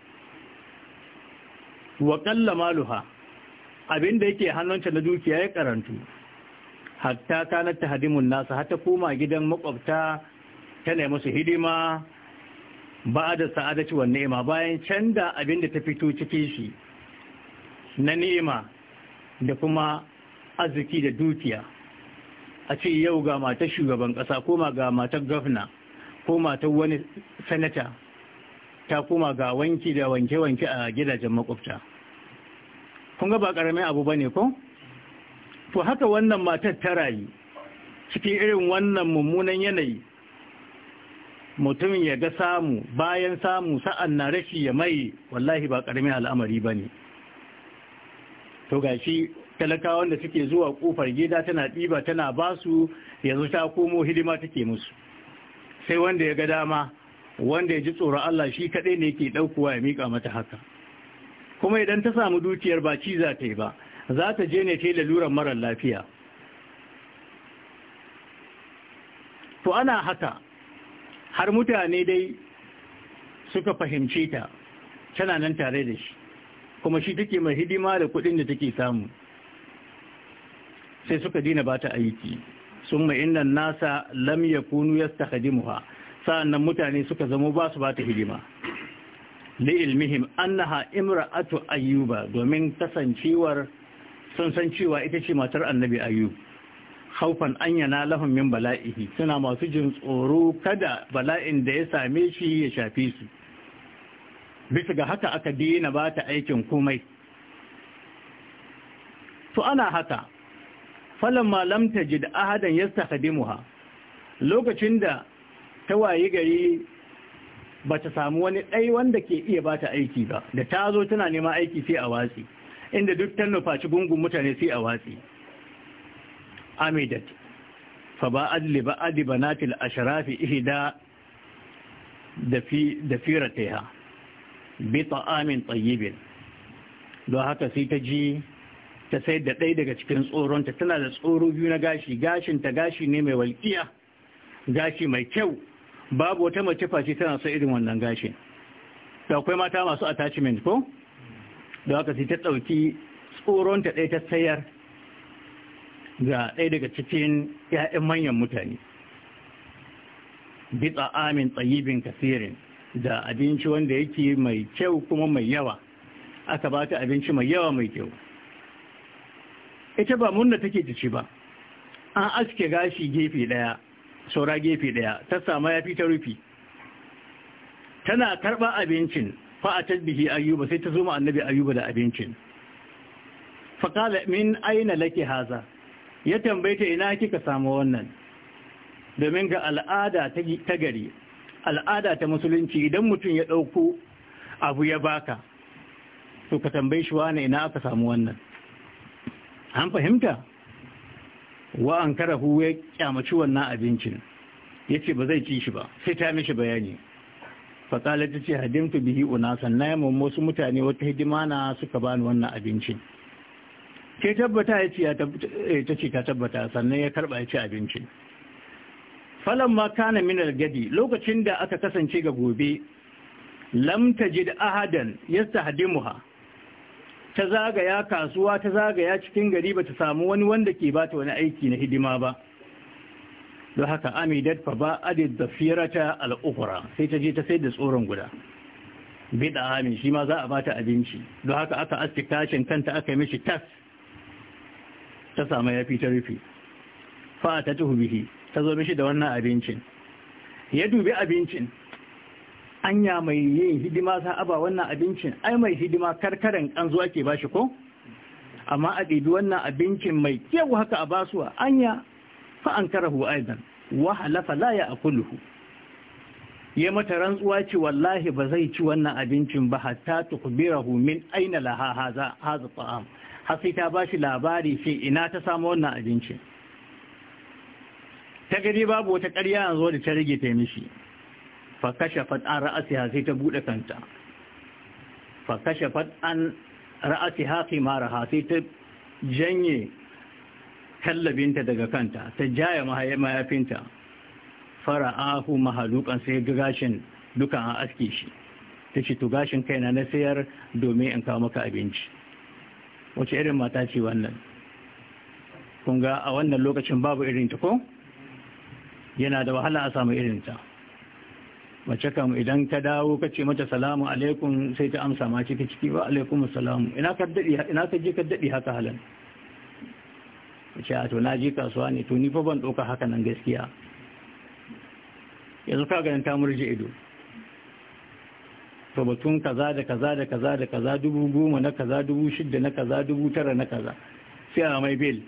wa ƙalla maluha abinda yake hannunta na dukiya ya karantu hatta kana hadimun nasa, hatta koma gidan makwabta tana musu hidima ba da sa'adaci wa ni'ima bayan canza da ta fito cikin shi na ni'ima da kuma arziki da dukiya a ce yau ga matar shugaban kasa koma ga matar gwamna ko matar wani sanata ta koma ga wanki da wanke-wanke a gidajen makwabta kun ga ba karamin abu bane ko to haka wannan matar ta rayu cikin irin wannan mummunan yanayi mutumin ya ga samu bayan samu sa'an na rashi ya mai wallahi ba karamin al'amari bane to gashi talakawan wanda suke zuwa kofar gida tana ɗiba tana basu yanzu ta komo hidima take musu sai wanda ya ga dama wanda ya ji tsoron Allah shi kaɗai ne ke ɗaukuwa ya mika mata haka kuma idan ta samu dukiyar ba ci za ta yi ba za ta je ne ta yi laluran marar lafiya to ana haka har mutane dai suka fahimce ta tana nan tare da shi kuma shi take mai hidima da kudin da take samu sai suka dina ba ta aiki sun mai innan nasa lam ya kunu ya sa'annan mutane suka zama ba su ba ta hidima li'ilmihim annaha imra'atu ayyuba domin kasancewar sun san cewa ita ce matar annabi ayyub haufan anyana yana bala'i min bala'ihi suna masu jin tsoro kada bala'in da ya same shi ya shafe su bisa ga haka aka daina ba ta aikin komai to ana haka falon malam ta ji da ahadan ya lokacin da ta wayi gari ba ta samu wani ɗai wanda ke iya ba ta aiki ba da ta zo tana nema aiki sai a watsi inda duk ta nufaci gungun mutane sai a watsi amidat fa ba adli ba adi banatil ashirafi ihda da fi da firatiha bi ta'amin tayyibin don haka sai ta ji ta sai da ɗaya daga cikin tsoronta tana da tsoro biyu na gashi gashinta gashi ne mai walƙiya gashi mai kyau babu wata mace face tana son irin wannan gashin da akwai mata masu attachment ko da aka sai ta tsoron tsoronta ɗaya ta sayar ga ɗaya daga cikin 'ya'yan manyan mutane bitsa amin tsayibin kasirin da abinci wanda yake mai kyau kuma mai yawa aka ba ta abinci mai yawa mai kyau ita ba murna take ta ci ba an aske gashi gefe ɗaya saura gefe daya ta sama ya fi ta rufi tana karba abincin fa a tasbihi ayyuba sai ta zo annabi ayyuba da abincin fa qala min aina laki haza ya tambaye ina kika samu wannan domin ga al'ada ta gari al'ada ta musulunci idan mutum ya dauko abu ya baka to ka tambaye shi wane ina aka samu wannan an fahimta wa an karahu ya kyamaci wannan abincin ya ce ba zai ci shi ba sai ta mishi bayani fatsala ta ce hadimtu bihi unasan na yamma wasu mutane wata hidima na suka bani wannan abincin ke tabbata ya ce eh, ta ce ta tabbata sannan ya karba ya ci abincin Falon ma kana min gadi lokacin da aka kasance ga gobe lam tajid ahadan yastahdimuha ta zagaya kasuwa ta zagaya cikin gari ba ta samu wani wanda ke bata wani aiki na hidima ba don haka amidat fa ba adid da firata al'ukura sai ta je ta sai da tsoron guda bida amin shi ma za a bata abinci don haka aka aske tashin kanta aka yi mishi tas ta samu ya fi ta rufe fa ta tuhu bihi ta zo mishi da wannan abincin ya dubi abincin anya mai yin hidima sa aba wannan abincin ai mai hidima karkaran zuwa ke bashi ko amma a ɗibi wannan abincin mai kyau haka a basuwa anya fa an karahu aidan wa halafa la ya akuluhu ya mata rantsuwa ce wallahi ba zai ci wannan abincin ba hatta tukbirahu min aina laha haza haza ta'am har sai ta bashi labari shi ina ta samu wannan abincin ta gari babu wata ƙarya yanzu da ta rage ta mishi fa kashafat an ra'asiha sai ta bude kanta fa an ra'asiha ha sai ta janye kallabinta daga kanta ta jaya mayafinta fara'ahu mahalukan sai ga gashin duka an aske shi ta ce to gashin kaina na sayar domin in kawo maka abinci wace irin mata ce wannan kun ga a wannan lokacin babu irin ko yana da wahala a samu irin ta mace kam idan ka dawo ka ce mata salamu alaikum sai ta amsa ma ciki ciki ba alaikum salamu ina ka je ka daɗi haka halin ce a to na je kasuwa ne to ni fa ban ɗauka haka nan gaskiya yanzu ka ganin ta murje ido to batun kaza da kaza da kaza da kaza dubu goma na kaza dubu shidda na kaza dubu tara na kaza sai a mai bel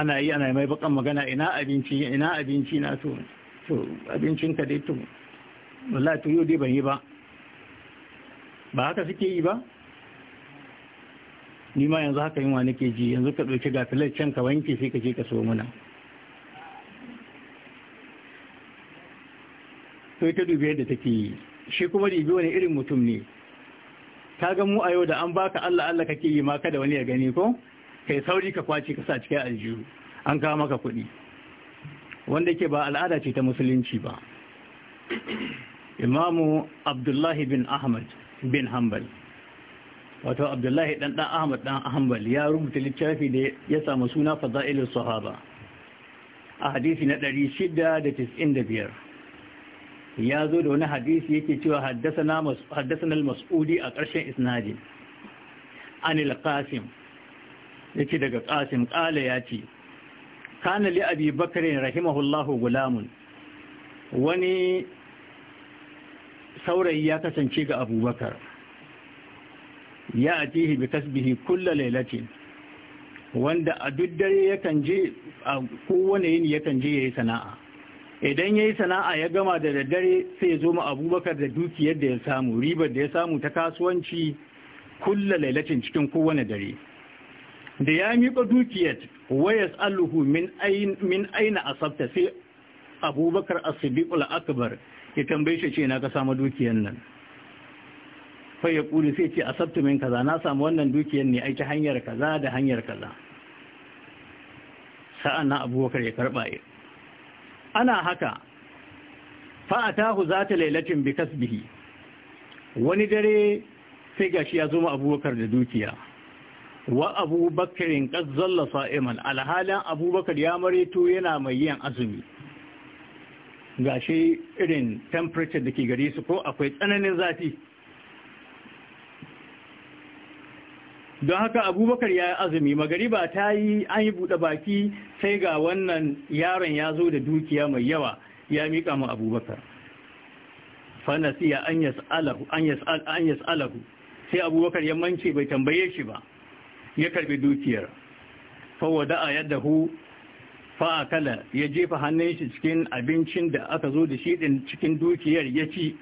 ana yi ana mai bakan magana ina abinci ina abinci na to to abincin ka dai to wallahi to yau dai ban yi ba ba haka suke yi ba ni ma yanzu haka yunwa nake ji yanzu ka dauki ga filar can ka wanke sai ka je ka so muna to ita dubi yadda take yi shi kuma dubi wani irin mutum ne ta ga mu a yau da an baka Allah Allah kake yi ma kada wani ya gani ko kai sauri ka kwace ka sa cikin aljihu an kawo maka kuɗi wanda ke ba al'ada ce ta musulunci ba imamu abdullahi bin ahmad bin hanbal wato abdullahi dan dan ahmad dan hanbal ya rubuta littafi da ya samu suna fadailus sahaba a hadisi na ɗari shida biyar. ya zo da wani hadisi yake cewa haddasa haddasana al-mas'udi a ƙarshen isnadin anil qasim yake daga ƙasim ƙala ya ce kana li abi bakr rahimahullahu gulamun wani saurayi ya kasance ga abubakar ya atihi bi kasbihi kulla lailatin wanda a duk dare yakan je a kowane yini yakan je ya yi sana'a idan ya yi sana'a ya gama da daddare sai ya zo ma abubakar da dukiyar da ya samu ribar da ya samu ta kasuwanci kulla lailatin cikin kowane dare da ya miƙa dukiyar wayas alluhu min aina asabta sai abubakar asibiqul akbar ya tambaye shi ce na ka samu dukiyar nan fai ya ƙuri sai ce asabtu min kaza na samu wannan dukiyar ne aiki hanyar kaza da hanyar kaza sa'an na abubakar ya yi. ana haka za zata lailatin bikas bihi. wani dare sai gashi ya zo abubakar da dukiya wa abubakarin ƙazzalla sa'iman alhalin abubakar ya mareto yana mai yin azumi ga shi irin temperature da ke gare su ko akwai tsananin zafi don haka abubakar ya yi azumi magariba ta yi an yi buɗe baki sai ga wannan yaron ya zo da dukiya mai yawa ya miƙa mu abubakar fanasiya an yas'alahu sai abubakar ya mance bai tambaye shi ba ya karbi dukiyar da a yadda hu kala ya jefa hannun shi cikin abincin da aka zo da shi din cikin dukiyar ya ci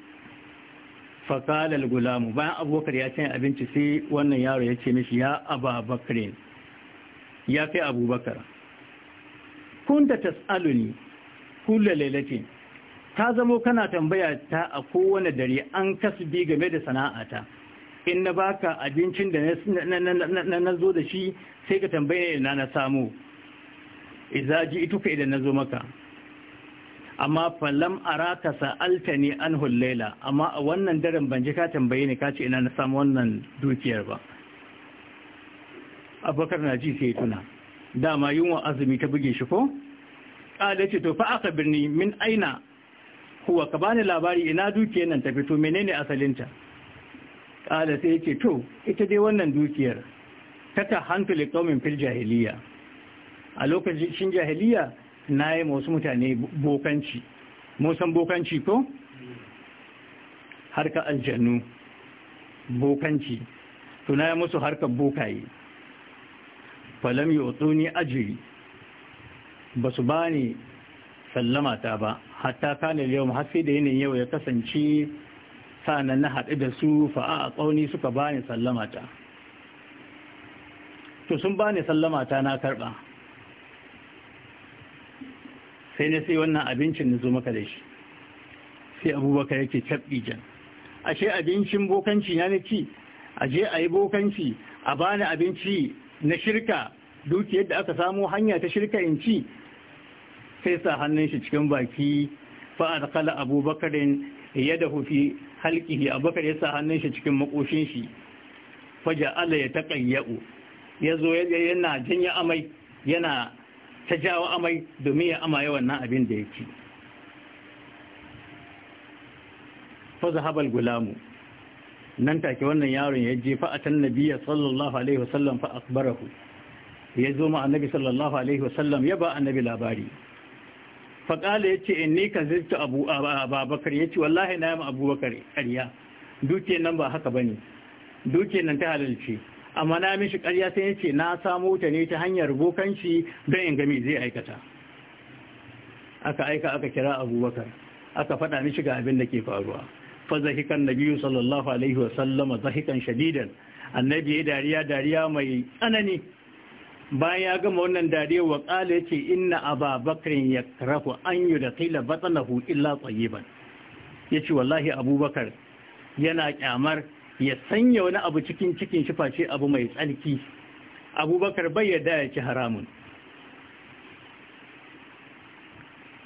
fakalar gulamu bayan abubakar ya cin abinci sai wannan yaro ya ce mishi ya ababakar ya kai abubakar kun da tas'aluni kula lalace ta zamo kana tambaya ta a kowane dare an kasbi game da sana'ata in na baka abincin da na zo da shi sai ka tambaye na na samu idza ji ituka idan na maka amma falam arakasa, sa'alta ne an hullaila amma a wannan daren ban ji ka tambaye ni ka ce ina na samu wannan dukiyar ba abubakar na ji sai tuna dama yunwa azumi ta buge shi ko ƙada ce to fa aka birni min aina huwa ka bani labari ina dukiyar nan ta fito menene asalinta Kala sai yake to ita dai wannan dukiyar ta ta hankali kaumin fil jahiliya a lokacin jahiliya na yi wasu mutane bokanci musan bokanci ko harka aljanu bokanci tuna ya musu harkar bokaye falam yi ni ajiri ba su ba ni sallama ta ba hatta kanar yau har da yanayin yau ya kasance sa'annan na haɗu da su fa'a a tsauni suka ba ni sallamata to sun ba ni sallamata na karɓa sai na sai wannan abincin na zo maka da shi sai abubakar yake cabbi jan ashe abincin bokanci na na ci aje a yi bokanci a bani abinci na shirka dukiyar da aka samu hanya ta shirka in ci sai sa hannun shi cikin baki fa'ad kala abubakarin yadda hufi halkihi abubakar ya sa hannun shi cikin makoshin shi faja ala ya taƙayyau ya zo yana janya amai yana ta jawo amai domin ya amaye wannan abin da ya ci faza habal gulamu nan take wannan yaron ya je fa'atan nabiya sallallahu alaihi wasallam fa akbarahu ya zo ma annabi sallallahu alaihi wasallam ya ba annabi labari faƙala ya ce in ni ka zirta abu babakar ya ce wallahi na yi abubakar ƙarya duke nan ba haka ba ne duke nan ta halarci. amma na mishi ƙarya sai ya ce na samu ta ne ta hanyar bokanci don in gami zai aikata aka aika aka kira abubakar aka faɗa mishi ga abin da ke faruwa Fa zahikan nabiyu sallallahu alaihi wa sallama zahikan shadidan annabi ya dariya dariya mai tsanani bayan ya gama wannan dariya wa ƙala ya ce inna aba bakarin ya rafu an yi da kila batsanahu illa tsayiban ya ce wallahi abubakar yana kyamar ya sanya wani abu cikin cikin shi face abu mai tsarki abubakar bai yarda ya ci haramun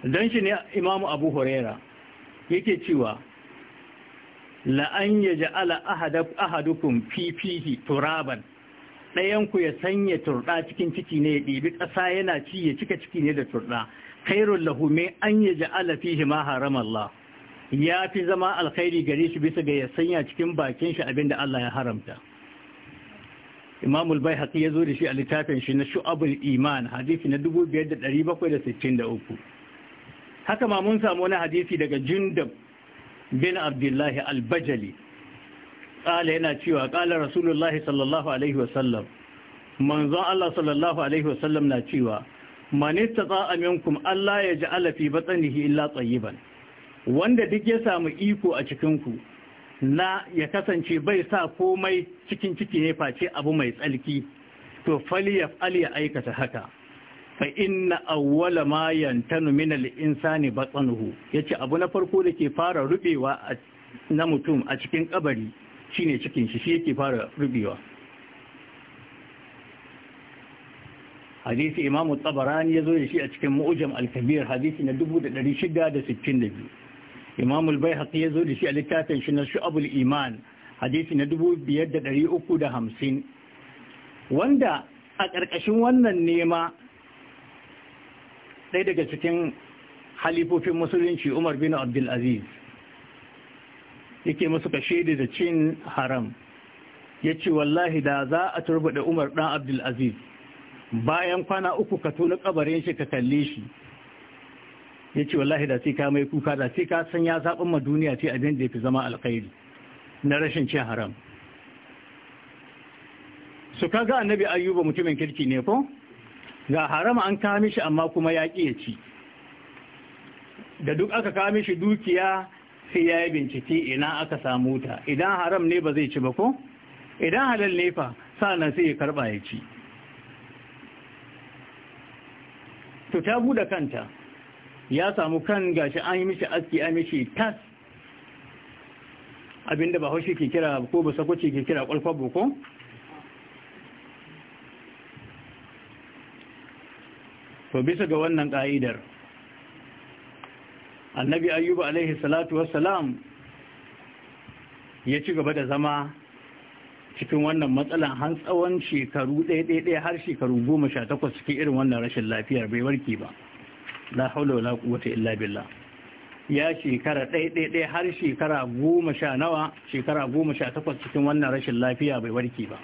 don shi ne imamu abu horera yake cewa la'an ya ja'ala ahadukum fifihi turaban ɗayanku ya sanya turɗa cikin ciki ne ya ɗibi ƙasa yana ci ya cika ciki ne da turɗa khairul lahu min an yaj'ala fihi ma haramallah ya fi zama alkhairi gare shi bisa ga ya sanya cikin bakin shi abinda Allah ya haramta imamul al ya zo da shi a littafin shi na Shu'abul Iman hadisi na da ɗari bakwai sittin 5763 haka ma mun samu wani hadisi daga jindab bin Abdullahi, al-Bajali ƙala yana cewa kala rasulullahi sallallahu alaihi wasallam manzon Allah sallallahu alaihi wasallam na cewa manista za a minkum Allah ya ji alafi batsanihi illa tsayiban wanda duk ya samu iko a cikinku na ya kasance bai sa komai cikin ciki ne face abu mai tsarki, to ya ali ya aikata haka fa inna awwala ma yantanu min al-insani batsanuhu yace abu na farko da ke fara rubewa na mutum a cikin kabari shine cikin shi shi yake fara rubewa hadisi imamu tsabarani ya zo da shi a cikin ma'ujam al hadisi na 662 imamu al haƙi ya zo da shi a littafin shi na shu'abul iman hadisi na 5350 wanda a ƙarƙashin wannan nema ɗaya daga cikin halifofin musulunci umar bin abdulaziz yake masu kashe da cin haram ya ce wallahi da za a da umar ɗan abdulaziz bayan kwana uku ka tona kabarin shi ka kalle shi ya ce wallahi da sai ka mai kuka da sai ka san ya zaɓin ma duniya ce abin da ya fi zama alkhairi na rashin cin haram su ka ga annabi ayyuba mutumin kirki ne ko ga haram an kame shi amma kuma ya ya ci da duk aka kame shi dukiya sai ya yi binciki ina aka samu ta idan haram ne ba zai ci ba ko idan halal ne fa sa'annan sai ya karba ya ci to ta bude kanta ya samu kan gashi an yi mishi aski an mishi tas abinda ba haushi ke kira ko ba sakwace ke kira kwalfa ko to bisa ga wannan ka'idar annabi ayyuba alaihi salatu wassalam ya ci gaba da zama cikin wannan matsalan har tsawon shekaru ɗaya har shekaru goma sha takwas cikin irin wannan rashin lafiyar bai warke ba la haula wala quwwata illa billah ya shekara ɗaya har shekara goma sha nawa shekara goma sha takwas cikin wannan rashin lafiya bai warke ba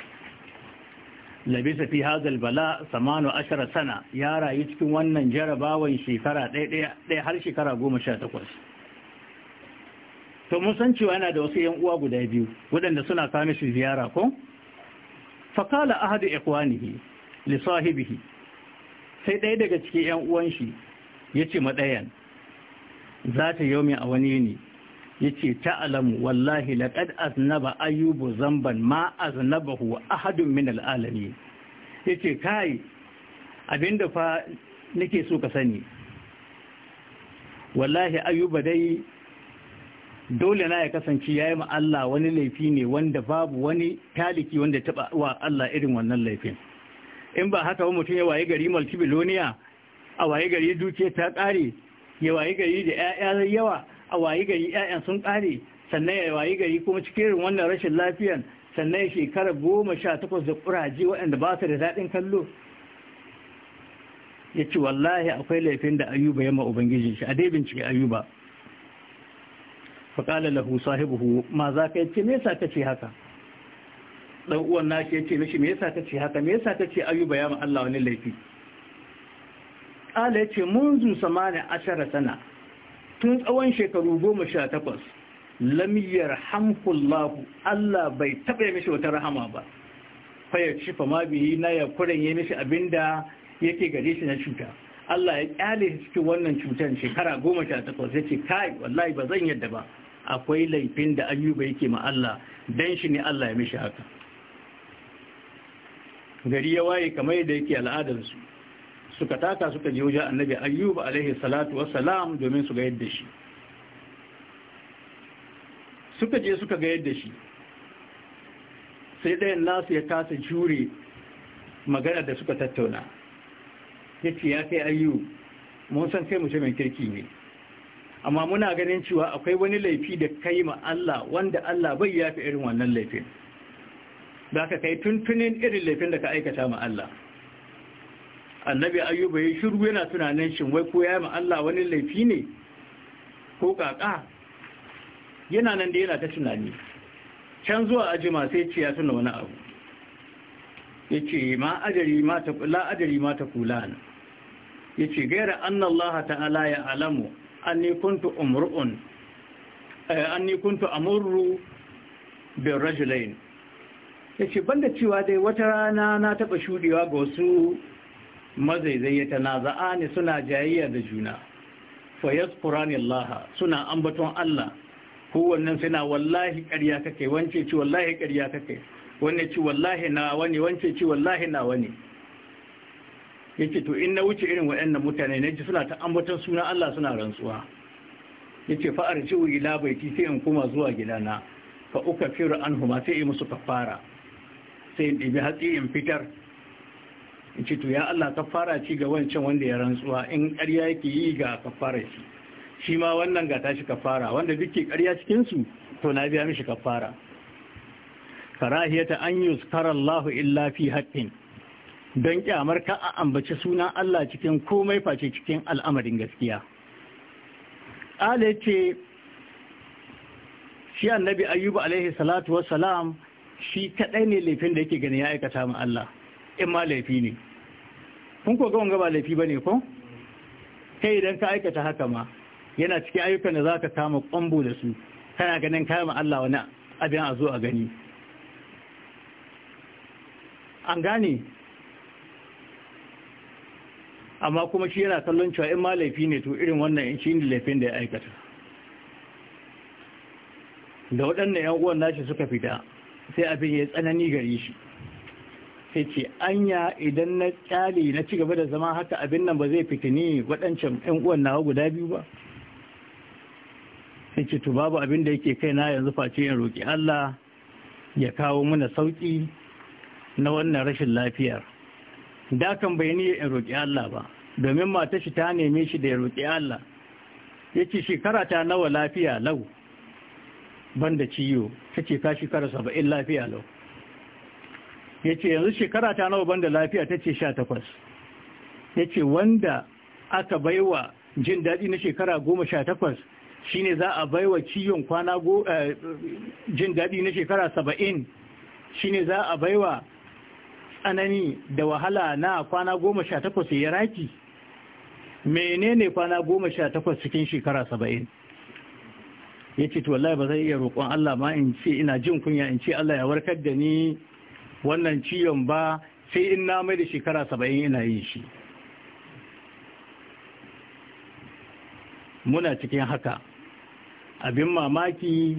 labisa fi hazal bala samanu ashara sana ya rayu cikin wannan jarabawan shekara ɗaya har shekara goma sha takwas to mun san cewa yana da wasu yan uwa guda biyu waɗanda suna kawo shi ziyara ko fakala ahadu ikwanihi li sahibihi sai ɗaya daga cikin yan uwan shi ya ce ma ɗayan za ta yau a wani ne yace alamu wallahi laqad aznaba ayyubu zamban ma aznabahu ahadun min alalamin yace kai abinda fa nake so ka sani wallahi ayyuba dai dole na ya kasance yayi ma Allah wani laifi ne wanda babu wani taliki wanda taba wa Allah irin wannan laifin in ba haka mutum ya waye gari multibilonia a waye gari dukiya ta ƙare ya waye gari da 'ya'ya yawa a wayi gari 'ya'yan sun ƙare sannan ya wayi gari kuma cikin wannan rashin lafiyan sannan shekara goma sha takwas da ƙuraje waɗanda ba su da daɗin kallo ya ce wallahi akwai laifin da ayuba ya ma ubangijin shi a dai bincike ayuba faƙala lahu hu, ma za ka yace me yasa ka ce haka Ɗan uwan nashi yace mishi me yasa ka ce haka me yasa ka ce ayuba ya ma Allah wani laifi ƙala mun zu samani ashara sana tun tsawon shekaru goma sha takwas lamiyar hamkullahu Allah bai taɓa ya mishi wata rahama ba ci fa fama biyi na ya kuren ya mishi abin abinda yake gare shi na cuta Allah ya kyale cikin wannan cutar shekara goma sha takwas ya ce kai wallahi ba zan yadda ba akwai laifin da ayyuba yake ma Allah dan shi ne Allah ya mishi haka gari ya waye kamar yadda yake al'adarsu suka taka suka je wajen annabi ayyub alaihi salatu wassalam domin su ga yadda shi suka je suka ga yadda shi sai ɗayan nasu ya kasa jure magana da suka tattauna ya ce ya kai ayyub mun san kai mutumin kirki ne amma muna ganin cewa akwai wani laifi da kai ma Allah wanda Allah bai yafi irin wannan laifin da ka kai tuntunin irin laifin da ka aikata ma Allah annabi ayyuba ya shiru yana tunanin shin wai ko ya ma Allah wani laifi ne ko kaka yana nan da yana ta tunani can zuwa ajima sai ce ya tuna wani abu Ya ce ma ajari ma ta kula ajari ma ta kula ya yace gaira anna Allah ta'ala ya alamu anni kuntu umru'un eh, anni kuntu amurru bin rajulain yace banda cewa dai wata rana na taɓa shuɗewa ga wasu mazaizai ya za'a ne suna jayayya da juna fa yasfurani Allah suna ambaton Allah wannan suna wallahi ƙarya kake wance ci wallahi ƙarya kake wanne ci wallahi na wani wance ci wallahi na wani yake to in na wuce irin waɗannan mutane na ji suna ta ambaton suna Allah suna rantsuwa yace fa arjiu ila baiti sai in koma zuwa gidana fa anhu ma sai in musu kafara sai in ɗibi hatsi in fitar in ce to ya Allah kafara ci ga wancan wanda ya rantsuwa in ƙarya yake yi ga kafara shi shi ma wannan ga tashi kafara wanda duke ƙarya cikin su to na biya mishi kafara karahiyata an yuskara Allah illa fi haqqin don kyamar ka a ambaci sunan Allah cikin komai face cikin al'amarin gaskiya ala ce shi annabi ayyubu alaihi salatu wassalam shi kadai ne laifin da yake gani ya aikata mu Allah in ma laifi ne kun ko ga wanga ba laifi ba ne, ko kai idan ka aikata haka ma yana cikin ayyukan da za ka kama kwambo da su kana ganin kama Allah wani abin a zo a gani an gane amma kuma shi yana kallon cewa in ma laifi ne to irin wannan in shi ne laifin da ya aikata da waɗannan 'yan uwan nashi suka fita sai abin ya tsanani gare shi sai ce anya idan na kyale na ci gaba da zama haka abin nan ba zai ne waɗancan ƴan uwan nawa guda biyu ba sai ce to babu abin da yake kai na yanzu face in roƙi Allah ya kawo mana sauƙi na wannan rashin lafiyar dakan bai ni in roƙi Allah ba domin matar shi ta neme shi da ya roƙi Allah ya ce shekara ta nawa lafiya lau ban da ciyo ta ce ta shekara saba'in lafiya lau ya ce yanzu shekara ta nawa banda lafiya ta ce sha takwas ya ce wanda aka baiwa jin daɗi na shekara goma sha takwas shi ne za a baiwa ciyon kwana eh, jin daɗi na shekara saba'in shi ne za a baiwa tsanani da wahala na kwana goma sha takwas ya raki menene kwana goma sha takwas cikin shekara saba'in ya ce wallahi ba zai iya roƙon Allah ma in ce ina jin kunya in ce Allah ya warkar da ni wannan ciyon ba sai in na mai da shekara saba'in ina yin shi muna cikin haka abin mamaki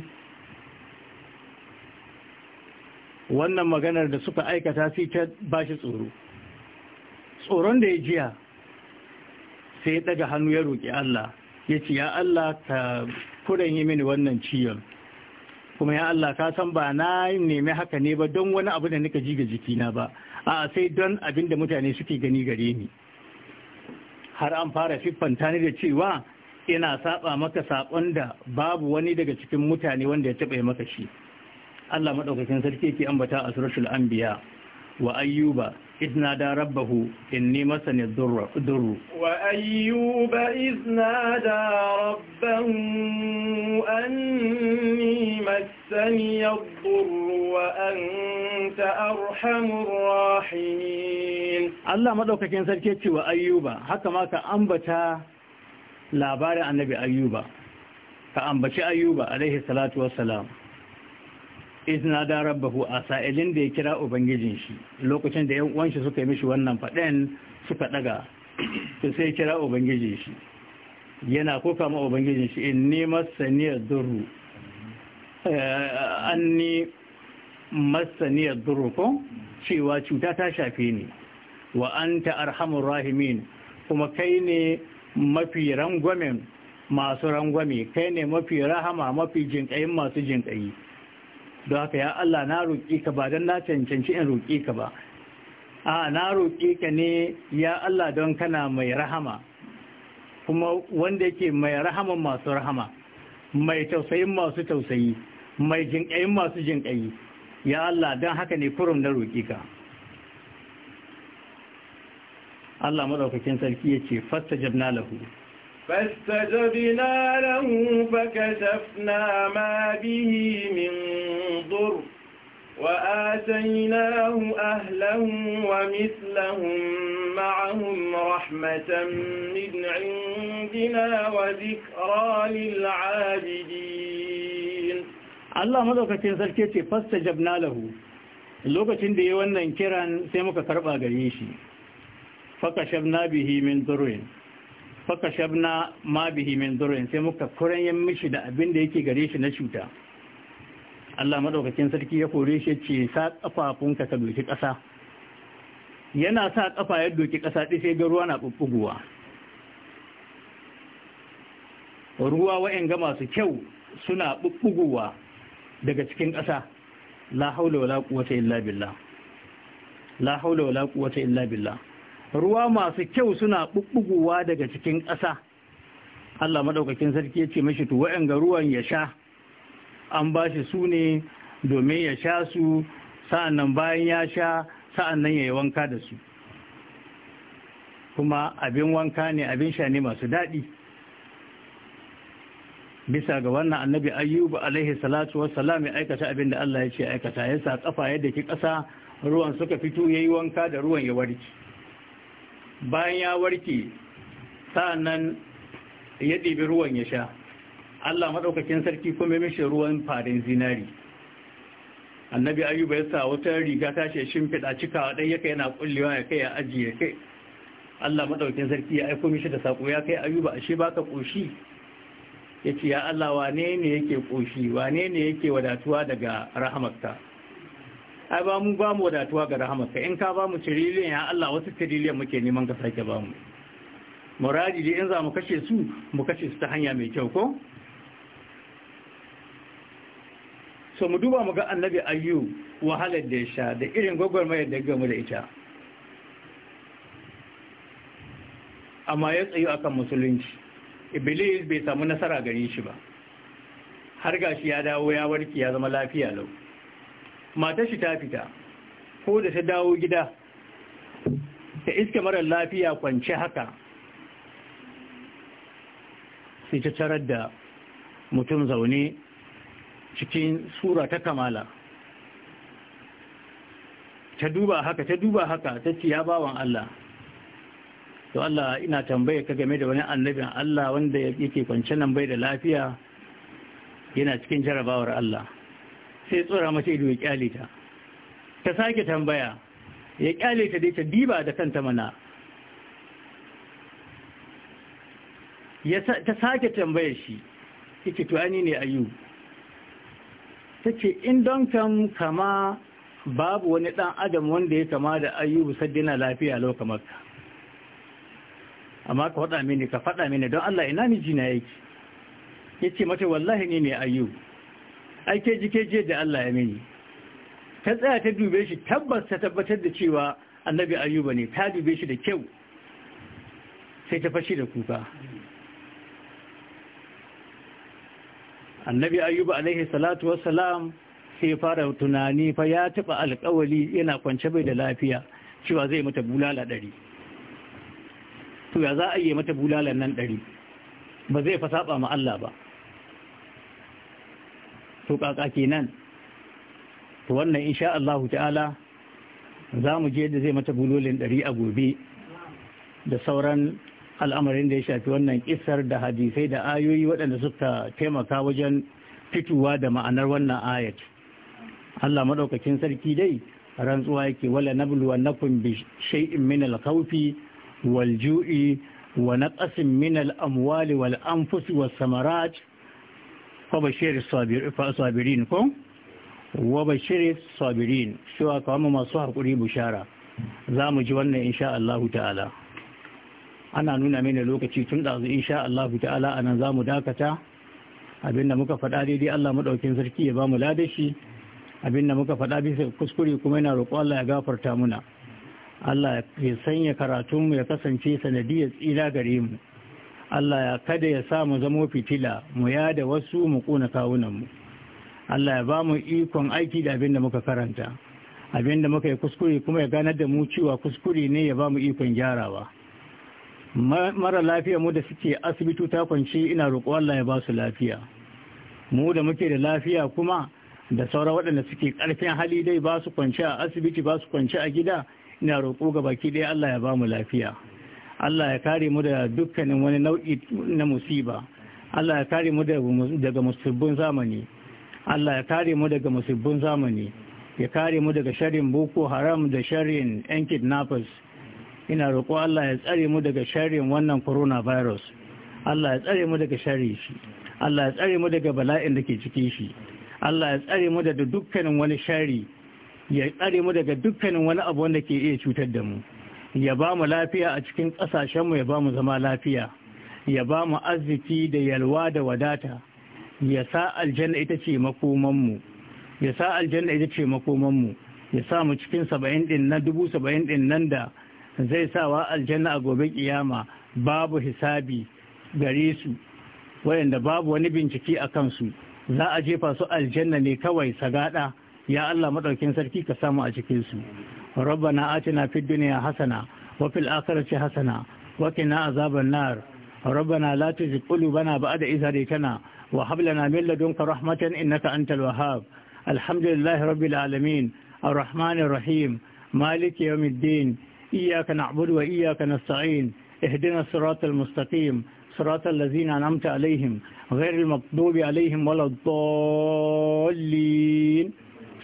wannan maganar da suka aikata sai ta ba shi tsoro tsoron da ya jiya sai ya daga hannu ya roƙi Allah ya ce ya Allah ka kudan yi mini wannan ciyon kuma ya Allah ka san ba na nemi haka ne ba don wani abu da nika ji ga jikina ba a sai don abin da mutane suke gani gare ni har an fara siffanta ni da cewa ina saba maka sakon da babu wani daga cikin mutane wanda ya taɓa maka shi Allah maɗaukakin sarki yake ambata a suratul anbiya wa ayyuba إذ نادى ربه إني مسني الضر وأيوب إذ نادى ربه أني مسني الضر وأنت أرحم الراحمين الله مدوك كان سلكيت وأيوب حتى ما كأنبتا لابار النبي أيوب كأنبت أيوب عليه الصلاة والسلام izina da rabbahu a sa'ilin da ya kira ubangijin shi lokacin da yan uwanshi suka yi mishi wannan faɗin suka ɗaga to sai kira ubangijin shi yana kuka ma ubangijin shi in ni masaniyar duru eh, an ni masaniyar duru ko cewa cuta ta shafe ni wa an ta arhamun rahimin kuma kai ne mafi rangwamen masu rangwame kai ne mafi rahama mafi jinƙayin masu jinƙayi don haka ya Allah na roƙe ka ba don na cancanci in roƙe ka ba a na roƙe ka ne ya Allah don kana mai rahama kuma wanda yake mai rahama masu rahama mai tausayin masu tausayi mai jinƙayin masu jinƙayi ya Allah don haka ne kurum na roƙe ka Allah maɗaukakin sarki ya ce fasta jabna lahu فاستجبنا له فكشفنا ما به من ضر وآتيناه أهله ومثلهم معهم رحمة من عندنا وذكرى للعابدين الله مدوكتين سلكيتي فاستجبنا له lokacin da ya wannan kiran sai muka karba gare shi fakashab na bihi min durin faka shabna ma bihi min durin sai muka kuren mishi da abin da yake gare shi na cuta Allah madaukakin sarki ya kore shi ce sa kafafunka ka doki ƙasa yana sa kafa ya doki ƙasa ɗi sai ga ruwa na bubbuguwa ruwa wa'in ga masu kyau suna bubbuguwa daga cikin ƙasa la haula wala quwwata illa billah la haula wala quwwata illa billah ruwa masu kyau suna ɓuɓɓugowa daga cikin ƙasa Allah maɗaukakin sarki ya ce mashi to wa'yan ga ruwan ya sha an ba shi su ne domin ya sha su nan bayan ya sha sa'annan ya yi wanka da su kuma abin wanka ne abin sha ne masu daɗi bisa ga wannan annabi ayyubu alaihi salatu wassalam ya aikata abin da Allah ya ce aikata ya sa kafa yadda ki ƙasa ruwan suka fito ya yi wanka da ruwan ya warke bayan ya warke sa'annan ya ɗebi ruwan ya sha Allah maɗaukakin sarki kuma ya mishi ruwan farin zinari annabi ayuba ya sa wata riga ta ce shimfiɗa cika ɗai ya kai yana ƙullewa ya kai ya ajiye kai Allah maɗaukakin sarki ya aiko mishi da saƙo ya kai ayuba ashe baka ƙoshi ya ce ya Allah wane ne yake ƙoshi wane ne yake wadatuwa daga rahamarka ai ba mu ba mu wadatuwa ga rahamarsa in ka ba mu tiriliyan ya Allah wasu tiriliyan muke neman ka sake ba mu muradi dai in za mu kashe su mu kashe su ta hanya mai kyau ko so mu duba mu ga annabi ayyu wahalar da ya sha da irin gwagwarmayar da gamu da ita amma ya tsayu akan musulunci iblis bai samu nasara gare shi ba har gashi ya dawo ya warki ya zama lafiya lau Mata shi ta fita ko da ta dawo gida ta iska mara lafiya kwance haka sai ta tarar da mutum zaune cikin sura ta kamala ta duba haka ta duba haka ta ce ya bawan Allah to Allah ina tambaye ka game da wani annabin Allah wanda yake kwance nan bai da lafiya yana cikin jarabawar Allah sai tsora mata ido ya kyale ta ta sake tambaya ya kyale ta dai ta diba da kanta mana ta sake tambayar shi yake ani ne ayu ta ce in don kam kama babu wani dan adam wanda ya kama da ayyubu saddina lafiya lokacin ka amma ka faɗa mini ka faɗa mini don Allah ina miji na yake yace mata wallahi ni ne ayyubu ai keji jiya da Allah ya mini ta tsaya ta dube shi tabbas ta tabbatar da cewa annabi Ayuba ne ta dube shi da kyau sai ta fashi da kuka annabi Ayuba alaihi salatu wassalam sai fara tunani fa ya taba alƙawali yana kwance bai da lafiya cewa zai mata bulala ɗari to ya za a yi mata bulalan nan ɗari ba zai fa saba ma Allah ba su kenan to wannan insha Allah ta'ala za mu je da zai mata bulolin ɗari a gobe da sauran al'amarin da ya shafi wannan ƙisar, da hadisai da ayoyi waɗanda suka taimaka wajen fituwa da ma'anar wannan ayat Allah maɗaukacin sarki dai rantsuwa yake wala nabluwa nakum bi shay'in min al wal ju'i wa naqasin min al-amwali wal anfusi was samarat fa sabirin ko wa bashirin sabirin cewa kawo masu haƙuri bushara za mu ji wannan insha Allah ta'ala ana nuna mini lokaci tun da insha Allah ta'ala anan za mu dakata abinda muka faɗa daidai Allah maɗaukin sarki ya ba mu ladashi abinda muka faɗa bisa kuskure kuma yana roƙo Allah ya gafarta muna Allah ya sanya karatunmu ya kasance sanadiyar tsira gare mu Allah ya kada ya sa mu zamo fitila mu yada wasu mu kona mu. Allah ya ba mu ikon aiki da abin da muka karanta abin da muka yi kuskure kuma ya ganar da mu cewa kuskure ne ya ba mu ikon gyarawa mara lafiya mu da suke asibiti ta kwanci ina roƙo Allah ya ba su lafiya mu da muke da lafiya kuma da saura waɗanda suke ƙarfin hali dai ba su kwanci a asibiti ba su kwanci a gida ina roƙo ga baki ɗaya Allah ya ba mu lafiya Allah ya kare mu da dukkanin wani nau'i na musiba Allah ya kare mu daga musibbin zamani Allah ya kare mu daga musibbin zamani ya kare mu daga sharrin boko haram da sharrin yan kidnappers ina roƙo Allah ya tsare mu daga sharrin wannan coronavirus Allah ya tsare mu daga sharri shi Allah ya tsare mu daga bala'in da ke cikin shi Allah ya tsare mu daga dukkanin wani sharri ya tsare mu daga dukkanin wani abu wanda ke iya cutar da mu ya ba mu lafiya a cikin ƙasashenmu ya ba mu zama lafiya ya ba mu arziki da yalwa da wadata ya sa aljanna ita ce makomanmu ya sa aljanna ita ce makomanmu ya sa mu cikin saba'in din na dubu saba'in din nan da zai sawa aljanna a gobe kiyama babu hisabi gare su wayanda babu wani bincike a kansu za a jefa su aljanna ne kawai sagada ya Allah madaukin sarki ka samu a cikin su ربنا آتنا في الدنيا حسنة وفي الآخرة حسنة وقنا عذاب النار ربنا لا تزغ قلوبنا بعد إذ هديتنا وهب لنا من لدنك رحمة إنك أنت الوهاب الحمد لله رب العالمين الرحمن الرحيم مالك يوم الدين إياك نعبد وإياك نستعين اهدنا الصراط المستقيم صراط الذين أنعمت عليهم غير المغضوب عليهم ولا الضالين